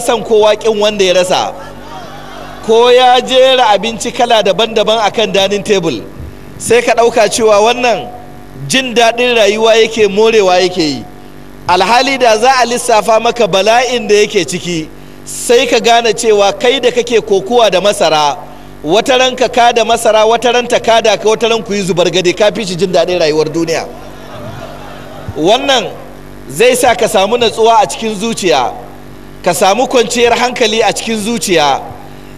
san kowa kin wanda ya rasa ko ya jera abinci kala daban-daban akan danin tebul sai ka ɗauka cewa wannan jin daɗin rayuwa yake morewa yake yi alhali da za a lissafa maka bala'in da yake ciki sai ka gane cewa kai da kake kokuwa da masara wata ran ka ka da masara wata ran ta ka da ka wata ran ku yi zubar gade ka fi shi jin daɗin rayuwar duniya wannan zai sa ka samu natsuwa a cikin zuciya ka samu kwanciyar hankali a cikin zuciya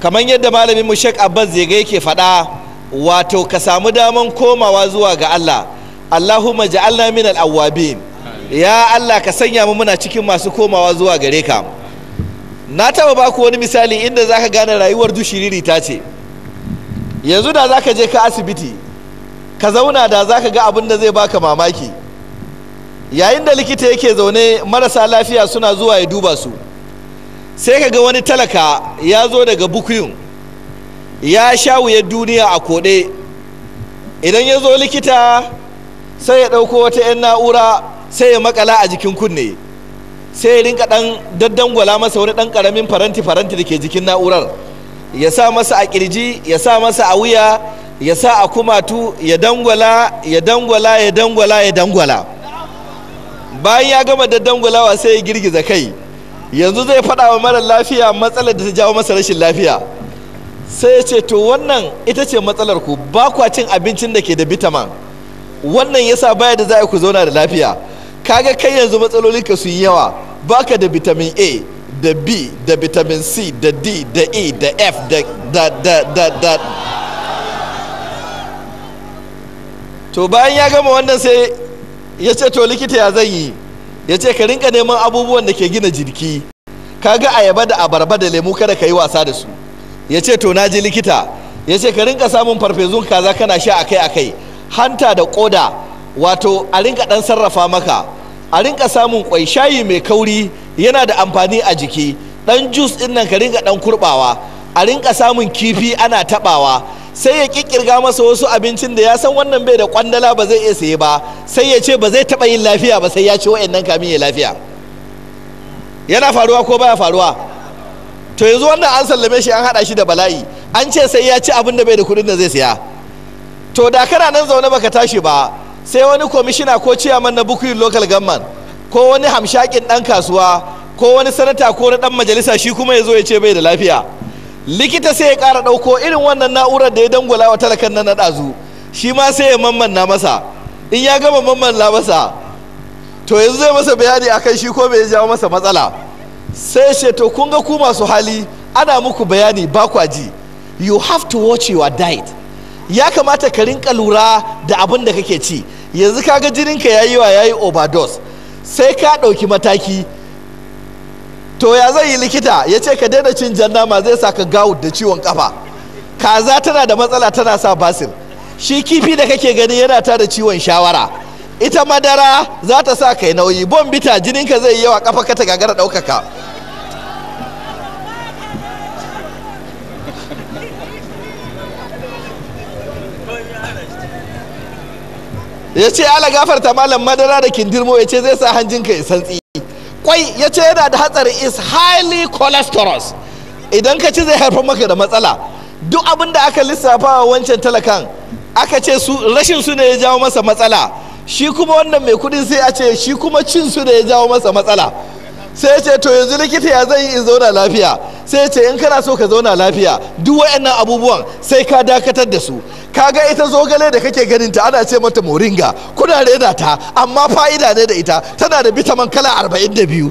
kamar yadda malamin mu Sheikh Abbas zai yake faɗa wato ka samu daman komawa zuwa ga Allah Allahumma ja'alna min al ya Allah ka sanya mu muna cikin masu komawa zuwa gare ka na taba baku wani misali inda zaka gane rayuwar dushiriri ta ce yanzu da zaka je ka asibiti ka zauna da zaka ga abin da zai baka mamaki yayin da likita yake zaune marasa lafiya suna zuwa ya duba su sai ka ga wani talaka ya zo daga bukuyun ya sha wuyar duniya a koɗe idan ya zo likita sai ya ɗauko wata 'yan na'ura sai ya makala a jikin kunne sai ya rinka ɗan daddangwala masa wani ɗan ƙaramin faranti-faranti da ke jikin na'urar ya sa masa a ƙirji ya sa masa a wuya ya sa a kumatu ya dangwala ya dangwala ya dangwala ya dangwala bayan ya gama daddangwalawa sai ya girgiza kai yanzu zai faɗa wa mara lafiya matsalar da ta jawo masa rashin lafiya sai ce to wannan ita ce matsalar ku ba kwa cin abincin da ke da bitamin wannan yasa baya da za ku zauna da lafiya kaga kai yanzu matsalolinka su yi yawa baka da vitamin a da b da vitamin c da d da e da f da da da da, da. to bayan ya gama wannan sai ya ce to likita ya zan yi ya ce ka rinka neman abubuwan da ke gina jirki kaga ayaba da abarba da lemu kada ka yi wasa da su ya ce to na ji likita ya ce ka rinka samun farfesun kaza kana sha akai akai hanta da koda wato a rinka dan sarrafa maka a rinka samun kwai shayi mai kauri yana da amfani a jiki dan jus din nan ka rinka dan kurbawa a rinka samun kifi ana tabawa sai ya kikirga masa wasu abincin da ya san wannan bai da kwandala ba zai iya saye ba sai ya ce ba zai taba yin lafiya ba sai ya ci wa'annan kamin ya lafiya yana faruwa ko baya faruwa to yanzu wannan an sallame shi an hada shi da bala'i an ce sai ya ci abin da bai da kuɗin da zai saya to da kana nan zaune baka tashi ba sai wani kwamishina ko ciyaman na bukuyin local gamman ko wani hamshakin dan kasuwa ko wani sanata ko na dan majalisa shi kuma ya zo ya ce bai da lafiya likita sai ya ƙara ɗauko irin wannan na'urar da ya dangula wa talakan nan na ɗazu shi ma sai ya mammanna masa in ya gama mammanna masa to yanzu zai masa bayani akan shi ko bai jawo masa matsala sai ce to kun ga ku masu hali ana muku bayani ba ku ji you have to watch your diet ya kamata ka rinka lura da abin da kake ci yanzu kaga jininka yayi wa yayi overdose sai ka ɗauki mataki to ya zai yi likita ya ce ka daina cin jan nama zai sa ka gawut da ciwon kafa kaza tana da matsala tana sa basir shi kifi da kake gani yana ta da ciwon shawara ita madara za ta sa kai nauyi bon bita jininka zai yi yawa kafa ka ta gagara daukaka ya ce ala gafarta malam madara da kindirmo ya ce zai sa hanjin ka ya santsi kwai ya ce yana da hatsari is highly cholesterol idan ka ci zai haifar maka da matsala duk abin da aka lissafa wa wancan talakan aka ce rashin su ne ya jawo masa matsala shi kuma wannan mai kudin sai a ce shi kuma cin su ne ya jawo masa matsala sai ya ce to yanzu likita ya zai in zauna lafiya sai ya ce in kana so ka zauna lafiya duk wa'yannan abubuwan sai ka dakatar da su kaga ita zogale da kake ganin ta ana ce mata moringa kuna rena ta amma fa'ida ne da ita tana da bitamin kala 42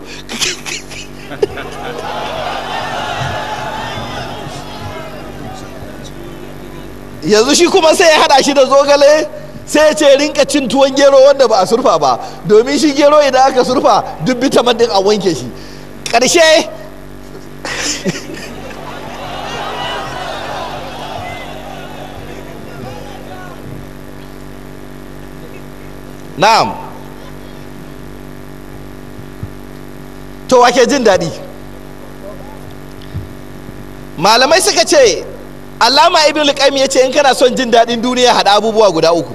yanzu shi kuma sai ya hada shi da zogale sai ya ce rinka cin tuwon gero wanda ba a surfa ba domin shi gero idan aka surfa duk bitamin din a wanke shi ƙarshe na'am to wake jin daɗi malamai suka ce allama ibn al ya ce in kana son jin daɗin duniya haɗa abubuwa guda uku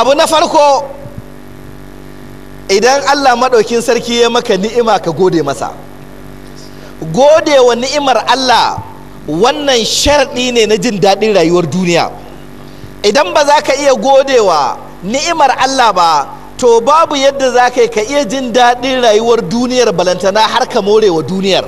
abu na farko idan allah maɗaukin sarki ya maka ni'ima ka gode masa gode wa ni'imar allah wannan sharɗi ne na jin daɗin rayuwar duniya idan ba za ka iya gode wa ni'imar allah ba to babu yadda za ka ka iya jin daɗin rayuwar duniyar balantana har ka more wa duniyar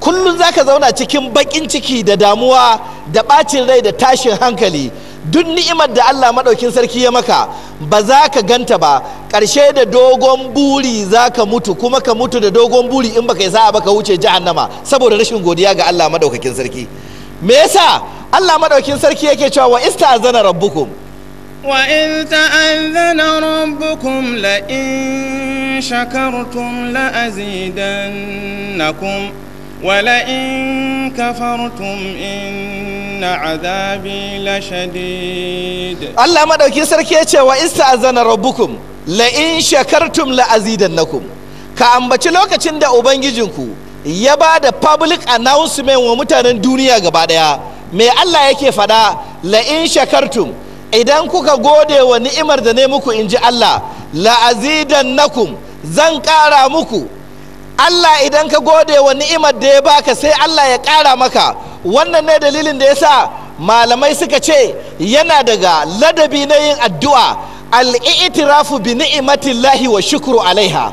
kullum za ka zauna cikin baƙin ciki da damuwa da ɓacin rai da tashin hankali duk ni'imar da Allah maɗaukin sarki ya maka ba za ka ganta ba ƙarshe da dogon buri za ka mutu kuma ka mutu da dogon buri in baka yi sa'a ba ka wuce jahannama saboda rashin godiya ga Allah maɗaukakin sarki me yasa Allah maɗaukin sarki yake cewa wa ista'zana rabbukum wa in ta'azzana rabbukum la in shakartum la azidannakum ولئن كفرتم إن عذابي لشديد الله ما دوكي سركي يتشي وإستأذن ربكم لئن شكرتم لأزيدنكم ka ambaci lokacin da ubangijinku ya ba da public announcement wa mutanen duniya gaba ɗaya me Allah yake faɗa la'in shakartum idan kuka gode wa ni'imar da ne muku in ji Allah la'azidan nakum zan ƙara muku Allah idan ka gode wa ni'imar da ya baka sai Allah ya ƙara maka wannan ne dalilin da ya sa malamai suka ce yana daga ladabi na yin addu'a itirafu bi ni'imatillahi wa shukuru alaiha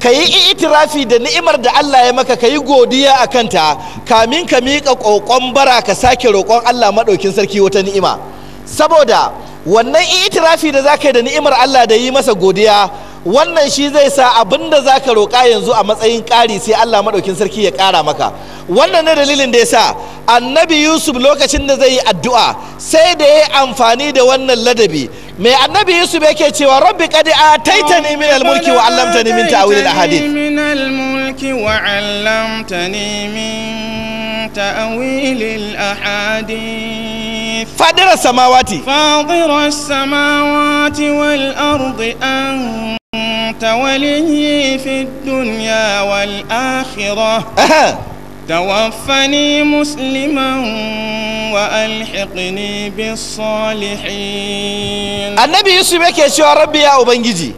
ka yi itirafi da ni'imar da Allah ya maka ka yi godiya a kanta kamin ka miƙa ƙoƙon bara ka sake roƙon Allah maɗaukin sarki wata ni'ima saboda wannan itirafi da za ka yi da ni'imar Allah da yi masa godiya wannan shi zai sa abin da za ka roƙa yanzu a matsayin ƙari sai Allah maɗaukin sarki ya ƙara maka wannan ne dalilin da ya sa annabi yusuf lokacin da zai yi addu'a sai da ya yi amfani da wannan ladabi mai annabi yusuf yake cewa rabbi Taita ataitani min al-mulki wa 'allamtani min ta'wil al-ahadith min al-mulki wa 'allamtani min ta'wil al-ahadith samawati. السماوات samawati wal والأرض أن أنت ولي في الدنيا والآخرة توفني مسلما وألحقني بالصالحين النبي يوسف يكي شو ربي يا أبنجي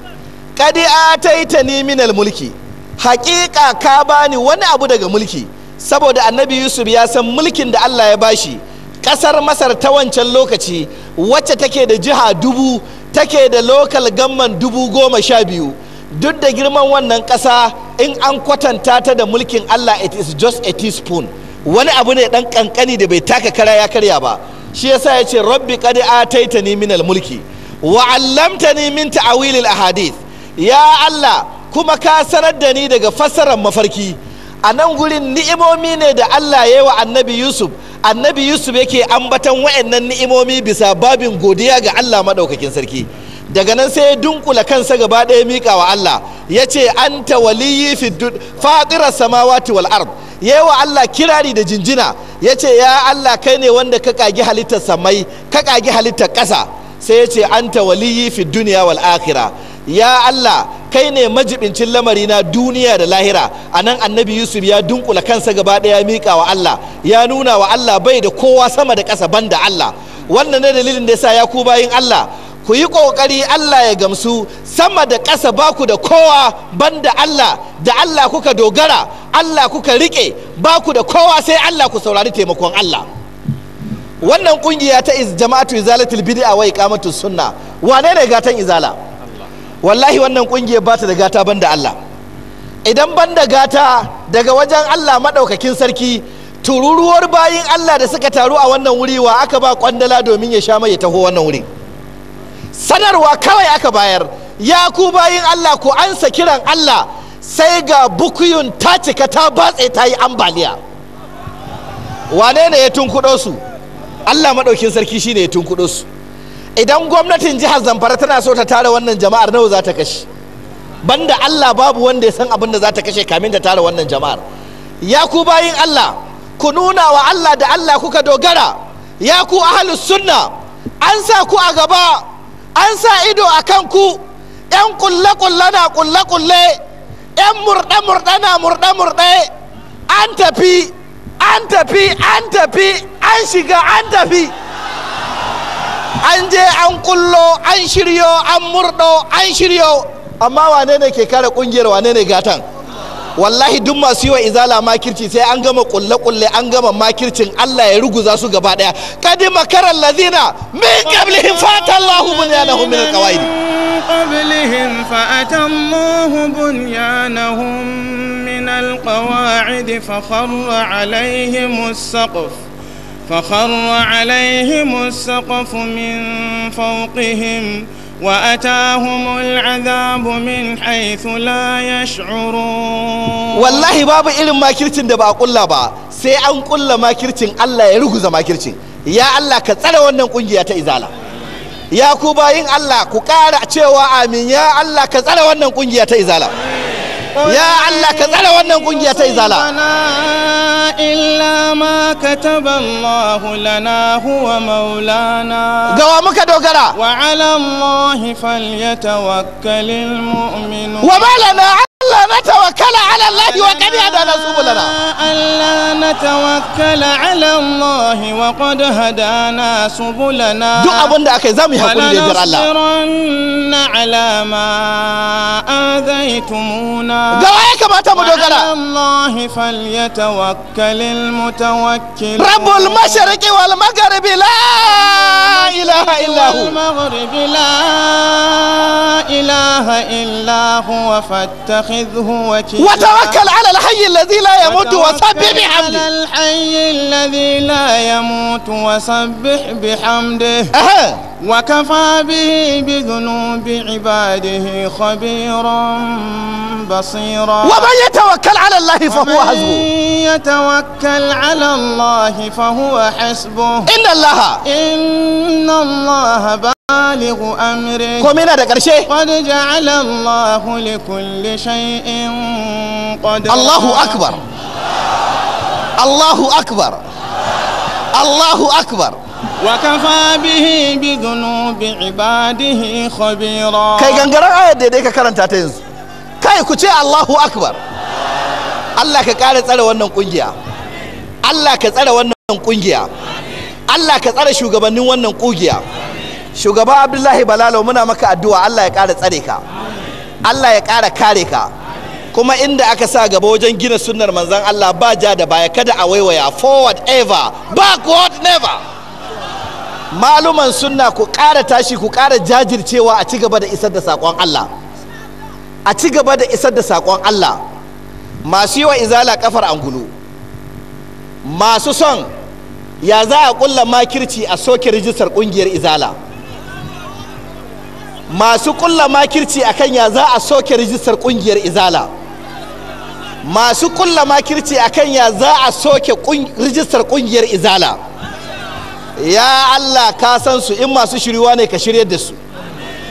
قد آتيتني من الملك حقيقة كاباني وانا أبو دقى ملكي saboda annabi yusuf ya san mulkin da allah ya bashi ƙasar masar ta wancan lokaci wacce take da jiha take da lokal gamman dubu goma sha biyu duk da girman wannan ƙasa in an kwatanta ta da mulkin Allah it is just a teaspoon wani abu ne dan kankani da bai taka kara ya karya ba shi yasa ya ce rabbi qad ataitani min mulki wa 'allamtani min ta'wil al ahadith ya Allah kuma ka sanar da ni daga fassarar mafarki a nan gurin ni'imomi ne da Allah ya yi wa annabi Yusuf annabi Yusuf yake ambatan wa'annan ni'imomi bisa babin godiya ga Allah maɗaukakin sarki daga nan sai ya dunkula kansa gaba ɗaya miƙa wa Allah ya ce an tawaliyi faɗira samawati wal ard ya yi wa Allah kirari da jinjina ya ce ya Allah kai ne wanda ka ƙagi halittar samai ka ƙagi halittar ƙasa sai ya ce an tawaliyi fi duniya wal akhirah ya Allah kai ne majibincin lamari na duniya da lahira a nan annabi yusuf ya dunkula kansa gaba ɗaya miƙa wa Allah ya nuna wa Allah bai da kowa sama da ƙasa banda Allah wannan ne dalilin da ya sa ya ku bayin Allah ku yi ƙoƙari Allah ya gamsu sama da ƙasa ba ku da kowa banda Allah da Allah kuka dogara Allah kuka riƙe ku da kowa sai Allah ku saurari taimakon Allah wannan ƙungiya ta jama'atu izalatul bid'a wa iqamatus sunna wane ne gatan izala wallahi wannan kungiyar ba ta da gata banda Allah idan banda gata daga wajen Allah maɗaukakin sarki tururuwar bayin Allah da suka taru a wannan wuri wa aka ba kwandala domin ya sha mai ya taho wannan wuri sanarwa kawai aka bayar ya ku bayin Allah ku ansa kiran Allah sai ga bukuyun ta cika ta batse ta yi ambaliya wane ne ya tunkuɗo su Allah maɗaukin sarki shine ya tunkuɗo su idan gwamnatin jihar zamfara tana so ta tara wannan jama'ar nawa za ta kashe banda allah babu wanda ya san abin da za ta kashe kamin ta tara wannan jama'ar ya ku bayin allah ku nuna wa allah da allah kuka dogara ya ku ahalus sunna an sa ku a gaba an sa ido a kan ku yan kulle-kulle na kulle-kulle yan murɗe-murɗe na murɗe-murɗe an tafi an tafi an tafi an shiga an tafi an je an kullo an shiryo an murdo an shiryo amma wane ne ke kare kungiyar wane ne gatan wallahi duk masu yi wa izala makirci sai an gama kulle-kulle an gama makircin Allah ya ruguza su gaba daya kadi makarar lazina min qablihim fata Allahu bunyanahum min alqawaidi qablihim فخر عليهم السقف من فوقهم وأتاهم العذاب من حيث لا يشعرون والله باب إلم ما كرتن دبا قل با سي أن قل ما كرتن الله يرغز ما كرتن يا الله كتسر ونن قنجي إزالة ya ku bayin Allah ku ƙara cewa amin ya Allah ka tsare wannan ƙungiya ta izala. ya Allah ka tsare wannan kungiya ta izala illa ma kataba Allah lana huwa maulana gawa muka dogara wa ala Allah falyatawakkalul mu'minun wa malana ألا نتوكل على الله وقد هدانا سبلنا ألا نتوكل على الله وقد هدانا سبلنا duk abin da aka ولنصبرن على ما آذيتمونا على الله فليتوكل المتوكل رب المشرق والمغرب لا إله إلا هو المغرب لا إله إلا هو فاتخذ واتخذه وكيلا وتوكل على الحي الذي لا يموت وسبح بحمده على الحي الذي لا يموت وسبح بحمده أه. وكفى به بذنوب عباده خبيرا بصيرا ومن يتوكل على الله فهو حسبه ومن يتوكل على الله فهو حسبه إن الله إن الله komai na da ƙarshe. Allahu Allahu akbar Allahu akbar Allahu akbar wa kafa bihi bi dhunubi ibadihi khabira kai gangaran ayar da dai ka karanta ta yanzu kai ku ce Allahu akbar Allah ka kare tsare wannan kungiya Allah ka tsare wannan kungiya Allah ka tsare shugabannin wannan kungiya shugaba abdullahi balalo muna maka addu'a allah ya ƙara tsare ka allah ya ƙara kare ka kuma inda aka sa gaba wajen gina sunnar manzan allah ba ja da baya kada a waiwaya forward ever backward never maluman sunna ku ƙara tashi ku ƙara jajircewa a ci gaba da isar da saƙon allah a ci gaba da isar da saƙon allah masu yi wa izala kafar angulu masu son ya za a ƙulla makirci a soke rijistar ƙungiyar izala masu kulla makirci kan ya za a soke rijistar kungiyar izala masu kulla makirci akan ya za a soke rijistar kungiyar izala ya Allah ka san su in masu shiriwa ne ka shirye da su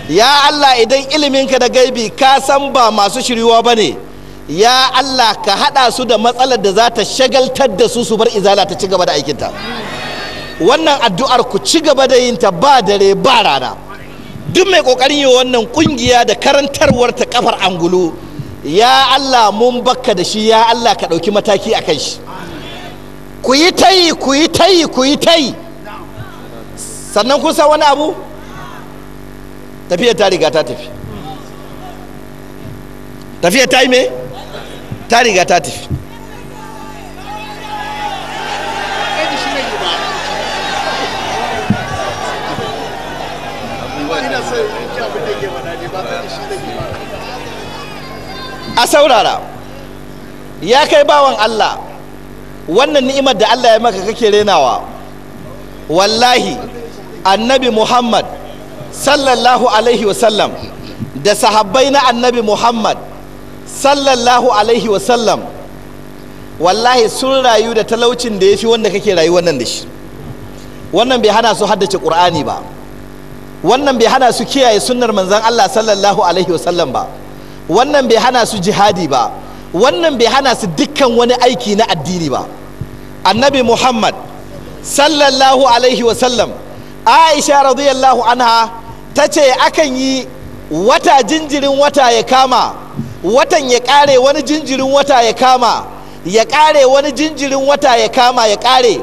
ya Allah idan iliminka da gaibi ka san ba masu shiriwa ba ne ya Allah ka haɗa su da matsalar da za ta shagaltar da su su bar izala ta ci gaba da aikinta wannan addu'ar ku ci gaba da yinta ba dare ba rana duk mai kokarin yi wannan kungiya da karantarwar ta kafar angulu ya Allah mun bakka da shi ya Allah ka ɗauki mataki a kan shi ku yi tayi ku yi tayi ku yi tayi sannan kun san wani abu tafiyar ta riga ta tafi tafiyar ta yi me ta riga ta tafi a saurara ya kai bawan Allah wannan ni'imar da Allah ya maka kake renawa wallahi annabi Muhammad sallallahu alaihi wasallam da sahabbai na annabi Muhammad sallallahu alaihi wasallam wallahi sun rayu da talaucin da ya fi wanda kake rayu wannan da shi wannan bai hana su haddace ƙur'ani ba wannan bai hana su kiyaye sunnar manzan Allah sallallahu alaihi wasallam ba wannan bai hana su jihadi ba wannan bai hana su dukkan wani aiki na addini ba annabi muhammad sallallahu alaihi wasallam aisha radiyallahu anha ta ce akan yi wata jinjirin wata ya kama watan ya kare wani jinjirin wata ya kama ya kare wani jinjirin wata ya kama ya kare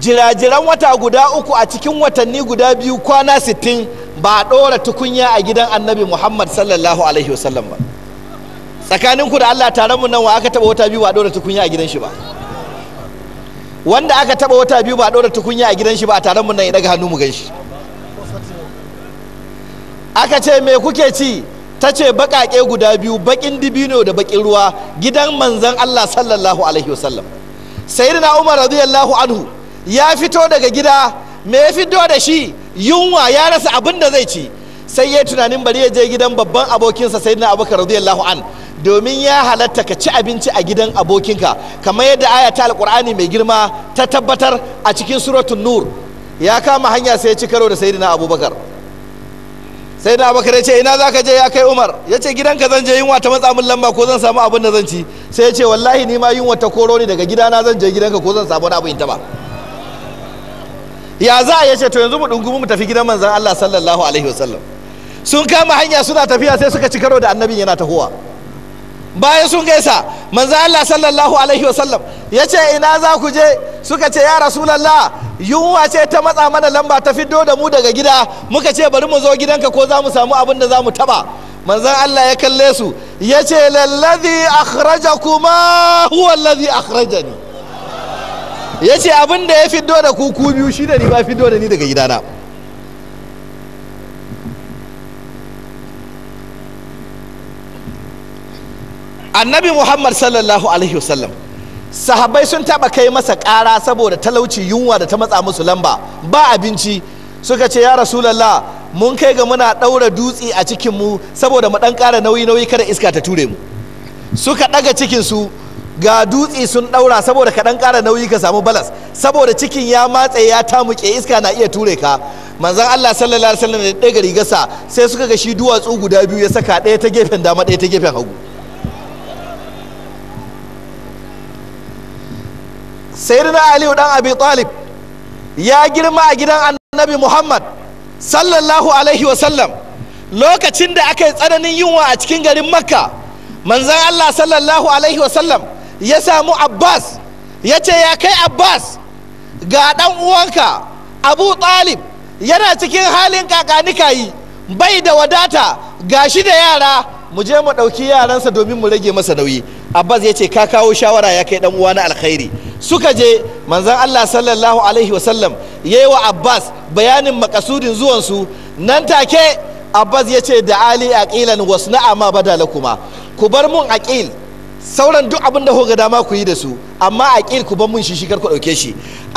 jirajiran wata guda uku a cikin watanni guda biyu kwana sittin ba a ɗora tukunya a gidan annabi muhammad sallallahu alaihi wasallam ba ku da Allah tare mu nan wa aka taba wata biyu ba dora tukunya a gidan shi ba wanda aka taba wata biyu ba dora tukunya a gidan shi ba a taron mu nan ya daga hannu mu ganshi aka ce me kuke ci ta ce bakake guda biyu bakin dibino da bakin ruwa gidan manzon Allah sallallahu alaihi wasallam sayyidina Umar radiyallahu anhu ya fito daga gida me ya fito da shi yunwa ya rasa abin da zai ci sai ya tunanin bari ya je gidan babban abokinsa sayyidina Abubakar radiyallahu anhu domin ya halatta ka ci abinci a gidan abokinka kamar yadda aya ta alkur'ani mai girma ta tabbatar a cikin suratun nur ya kama hanya sai ya ci karo da sayyidina abubakar sayyidina abubakar ya ce ina za ka je ya kai umar ya ce gidanka zan je yunwa ta matsa min lamba ko zan samu abin da zan ci sai ya ce wallahi ni ma yunwa ta koro ni daga gidana zan je gidanka ko zan samu wani abu in taba ya za a yace to yanzu mu dungumi mu tafi gidan manzon Allah sallallahu alaihi wasallam sun kama hanya suna tafiya sai suka ci karo da annabin yana tahowa bayan sun gaisa manzo Allah sallallahu alaihi wasallam ya ce ina za ku je suka ce ya rasulallah yunwa ce ta matsa mana lamba ta fiddo da mu daga gida muka ce bari mu zo gidanka ko za mu samu abin da za mu taba manzo Allah ya kalle su ya ce lallazi akhrajakuma huwa allazi akhrajani ya ce abin da ya fiddo da ku ku biyu shi da ni ba fiddo da ni daga gidana annabi muhammad sallallahu alaihi wasallam sahabbai sun taba kai masa kara saboda talauci yunwa da ta matsa musu lamba ba abinci suka ce ya rasulallah mun kai ga muna ɗaura dutse a cikin mu saboda mu ɗan ƙara nauyi nauyi kada iska ta ture mu suka ɗaga cikin su ga dutsi sun ɗaura saboda ka ɗan ƙara nauyi ka samu balas saboda cikin ya matse ya tamuke iska na iya ture ka manzon Allah sallallahu alaihi wasallam da ɗaga rigarsa sai suka ga shi duwatsu guda biyu ya saka ɗaya ta gefen dama ɗaya ta gefen hagu sayyidina aliyu dan abi talib ya girma a gidan annabi muhammad sallallahu alaihi wasallam lokacin da aka yi tsananin yunwa a cikin garin makka manzan allah sallallahu alaihi wasallam ya samu abbas ya ce ya kai abbas ga dan uwanka abu talib yana cikin halin kakanika yi bai da wadata gashi da yara mu je mu ɗauki yaransa domin mu rage masa nauyi abbas ya ce ka kawo shawara ya kai dan uwa na alkhairi suka je manzan allah sallallahu alaihi wasallam ya yi wa abbas bayanin makasudin zuwansu nan take abbas ya ce da ali aqilan wasna amma badala kuma ku bar mun aqil sauran duk abin da ga dama ku yi da su amma aqil ku bar mun shi shi ku dauke shi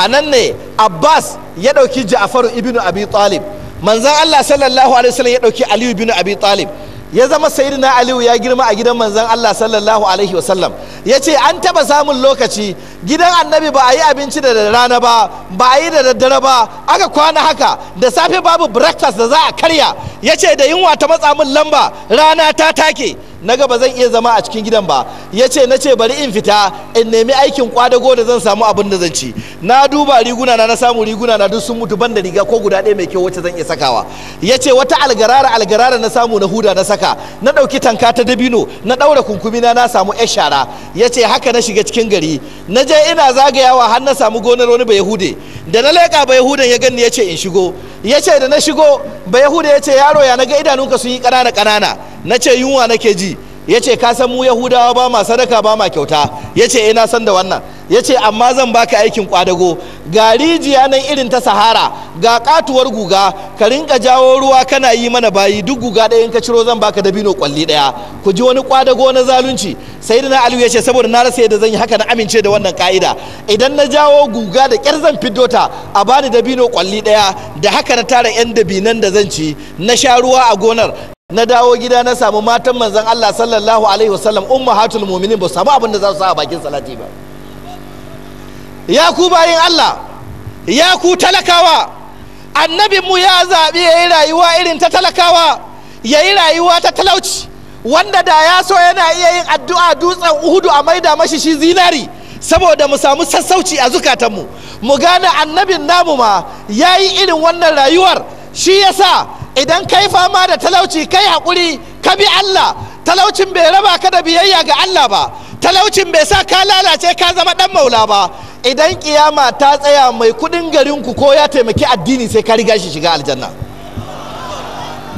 nan ne abbas ya dauki ja'far ibnu abi talib allah sallallahu alaihi wasallam ya dauki aliyu ibnu abi talib ya zama sayyidina aliyu ya girma a gidan manzon Allah sallallahu alaihi wasallam ya ce an taba samun lokaci gidan annabi ba a yi abinci da rana ba ba a yi da daddare ba aka kwana haka da safe babu breakfast da za a karya ya ce da yunwa ta matsa min lamba rana ta take na ga ba zan iya zama a cikin gidan ba ya ce na ce bari in fita in nemi aikin kwadago da zan samu abin da zan ci na duba riguna na na samu riguna na duk sun mutu ban da riga ko guda ɗaya mai kyau wacce zan iya sakawa ya ce wata algarara algarara na samu na huda na saka na ɗauki tanka ta dabino na ɗaura kunkumina na samu yar shara ya ce haka na shiga cikin gari na je ina zagayawa har na samu gonar wani bayahude da na leƙa bayahudan ya gani ya ce in shigo ya ce da na shigo bayahude ya ce yaro ya na ga idanunka sun yi ƙanana ƙanana na ce yunwa nake ji ya ce ka san mu yahudawa ba ma sadaka ba ma kyauta ya ce ina eh, san da wannan ya ce amma zan baka aikin kwadago ga rijiya nan irin ta sahara ga katuwar guga ka rinka jawo ruwa kana yi mana bayi duk guga ɗaya in ka ciro zan baka dabino kwalli ɗaya ku ji wani kwadago na zalunci sai na aliyu ya ce saboda na rasa yadda zan yi haka na amince da wannan ka'ida idan na jawo guga da kyar zan fiddo ta a bani dabino kwalli ɗaya da haka na tara yan dabinan da zan ci na sha ruwa a gonar na dawo gida na samu matan manzon Allah sallallahu alaihi wasallam hatul mu'minin ba su samu abin da za su sa a bakin salati ba ya ku bayin Allah ya ku talakawa annabin mu ya zaɓi ya yi rayuwa irin ta talakawa ya yi rayuwa ta talauci wanda da ya so yana iya yin addu'a dutsen uhudu a maida mashi shi zinari saboda mu samu sassauci a zukatanmu mu gane annabin namu ma ya yi irin wannan rayuwar shi yasa idan kai fama da talauci kai haƙuri ka bi Allah talaucin bai raba ka da biyayya ga Allah ba talaucin bai sa ka lalace ka zama dan maula ba idan kiyama ta tsaya mai kudin garinku ko ya taimaki addini sai ka riga shi shiga aljanna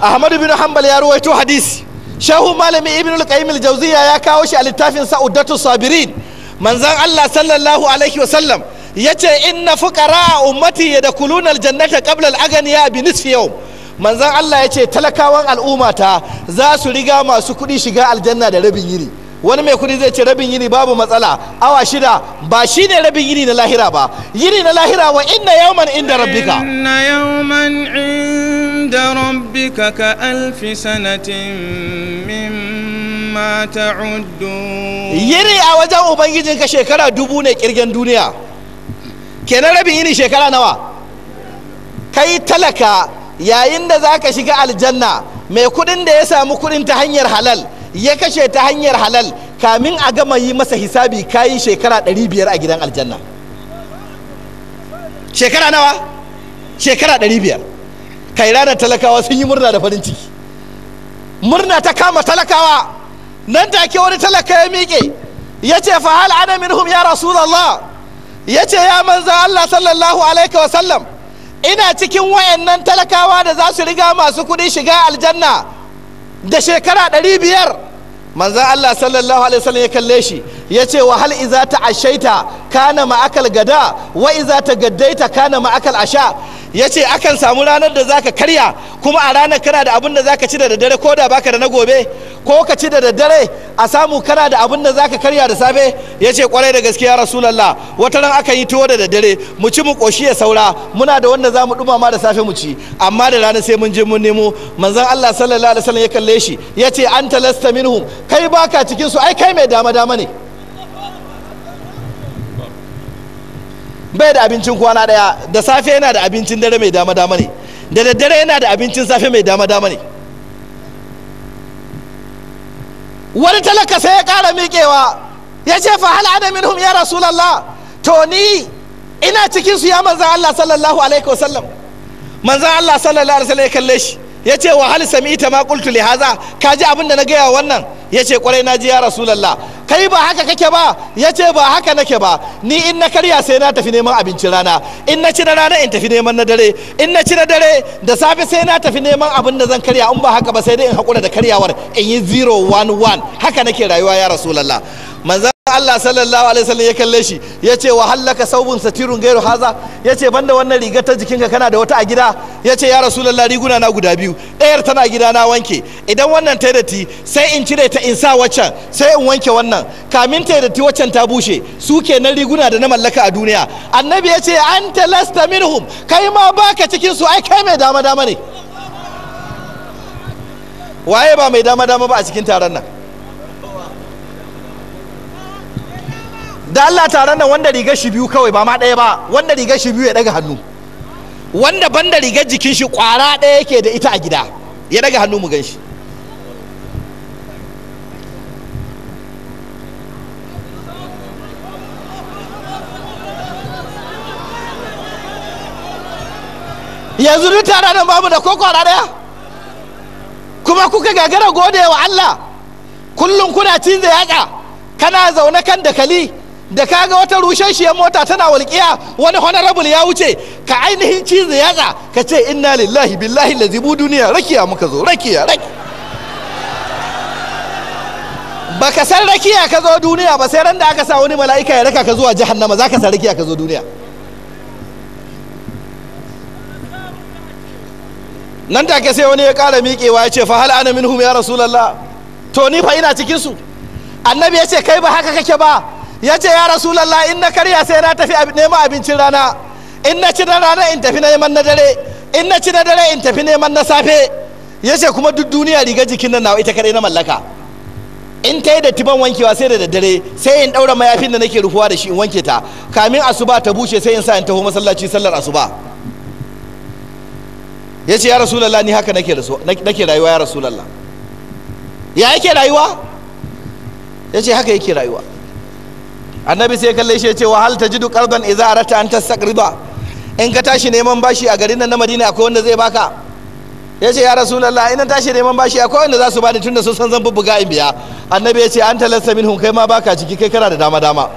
Ahmadu bin Hanbal ya ruwaito hadisi shehu malami ibn al-qayyim al jawziyya ya kawo shi a littafin sa'udatu sabirin manzon Allah sallallahu alaihi wasallam Ya yace inna ya ummati da aljannata qabla al-aghniya bi nisfi yau manzon Allah ya ce talakawan al'ummata za su riga masu kuɗi shiga aljanna da rabin yini wani mai kuɗi zai ce rabin yini babu matsala awa shida ba shi ne rabin yini na lahira ba yini na lahira wa inna yawman inda rabbika inna yawman inda rabbika ka alfi sanatin a wajen ubangijinka shekara dubu ne kirgen duniya kenan rabin yini shekara nawa kai talaka yayin da za ka shiga aljanna mai kudin da ya samu kudin ta hanyar halal ya kashe ta hanyar halal kamin a gama yi masa hisabi kayi shekara 500 a gidan aljanna shekara nawa shekara 500 kai ranar talakawa sun yi murna da farin ciki murna ta kama talakawa nan take wani talaka ya miƙe ya ce fa hal ana minhum ya rasulallah ya ce ya manza Allah sallallahu alaihi wasallam ina cikin wayannan talakawa da za su riga masu kuɗi shiga aljanna da shekara ɗari biyar manzan Allah sallallahu alaihi wasallam ya kalle shi ya ce wa hal iza ta ashaita kana ma'akal gada wa iza ta gaddaita kana ma'akal asha ya ce akan samu ranar da zaka karya kuma a ranar kana da abin da zaka ci da daddare ko da baka da na gobe ko ka ci da daddare a samu kana da abin da zaka karya da safe ya ce kwarai da gaskiya rasulallah wata ran aka yi tuwo da daddare mu ci mu koshi ya saura muna da wanda za mu ma da safe mu ci amma da ranar sai mun je mun nemo manzon Allah sallallahu alaihi wasallam ya kalle shi ya ce anta lasta minhum kai baka cikin su ai kai mai dama dama ne bai da abincin kwana daya da safe yana da abincin dare mai dama dama ne da daddare yana da abincin safe mai dama dama ne wani talaka sai ya kara miƙewa ya ce fa hal ana minhum ya rasulallah to ni ina cikin su ya manzan Allah sallallahu alaihi wasallam manzan Allah sallallahu alaihi wasallam ya kalle shi ya ce wa hal ma kultu li haza ka ji abin da na gaya wannan ya ce kwarai na ji ya rasulallah kai ba haka kake ba ya ce ba haka nake ba ni in na karya sai na tafi neman abincin rana in na ci na rana in tafi neman na dare in na ci na dare da safe sai na tafi neman abin da zan karya in ba haka ba sai dai in hakura da karyawar in yi zero haka nake rayuwa ya rasulallah manzo Allah sallallahu alaihi wasallam ya kalle shi ya ce wa hallaka saubun satirun gairu haza ya ce banda wannan rigar ta jikinka kana da wata a gida ya ce ya rasulallah riguna na guda biyu ɗayar tana gida na wanke idan wannan ta datti sai in cire ta in sa waccan sai in wanke wannan kamin ta datti waccan ta bushe su kenan riguna da na mallaka a duniya annabi ya ce an talasta minhum kai ma baka cikin su ai kai mai dama dama ne waye ba mai dama dama ba a cikin taron nan da Allah taron nan wanda rigar shi biyu kawai ba ma ɗaya ba wanda rigar shi biyu ya daga hannu wanda banda rigar jikin shi ƙwara ɗaya yake da ita a gida ya daga hannu mu gan shi yanzu duk tare nan babu da ko kwara daya kuma kuka gagara gode wa Allah kullum kuna cinza yaka kana zaune kan dakali da kaga wata rusasshiyar mota tana walƙiya wani honorable ya wuce ka ainihin cizo yatsa ka ce inna lillahi billahi lazibu duniya rakiya muka zo rakiya raki. baka san rakiya ka zo duniya ba sai ran da aka sa wani mala'ika ya raka ka zuwa jahannama zaka san rakiya ka zo duniya nan take sai wani ya ƙara miƙewa ya ce fa hal ana minhum ya rasulullah to ni fa ina cikin su annabi ya ce kai ba haka kake ba ya ce ya rasulallah in na karya sai na tafi neman abincin rana in na ci na rana in tafi neman na dare in na ci na dare in tafi neman na safe ya ce kuma duk duniya riga jikin nan na ita kadai na mallaka in ta yi da tiban wankewa sai da daddare sai in ɗaura mayafin da nake rufuwa da shi in wanke ta kamin asuba ta bushe sai in sa in taho masallaci sallar asuba ya ce ya rasulallah ni haka nake rayuwa ya rasulallah ya yake rayuwa ya ce haka yake rayuwa annabi sai kalle shi ya ce wahal tajidu qardan idza arata an tastaqriba in ka tashi neman bashi a garin nan na Madina akwai wanda zai baka ya ce ya rasulullah ina tashi neman bashi akwai wanda za su bani tunda sun san zan bubbuga in biya annabi ya ce an talasta minhum kai ma baka ciki kai kana da dama dama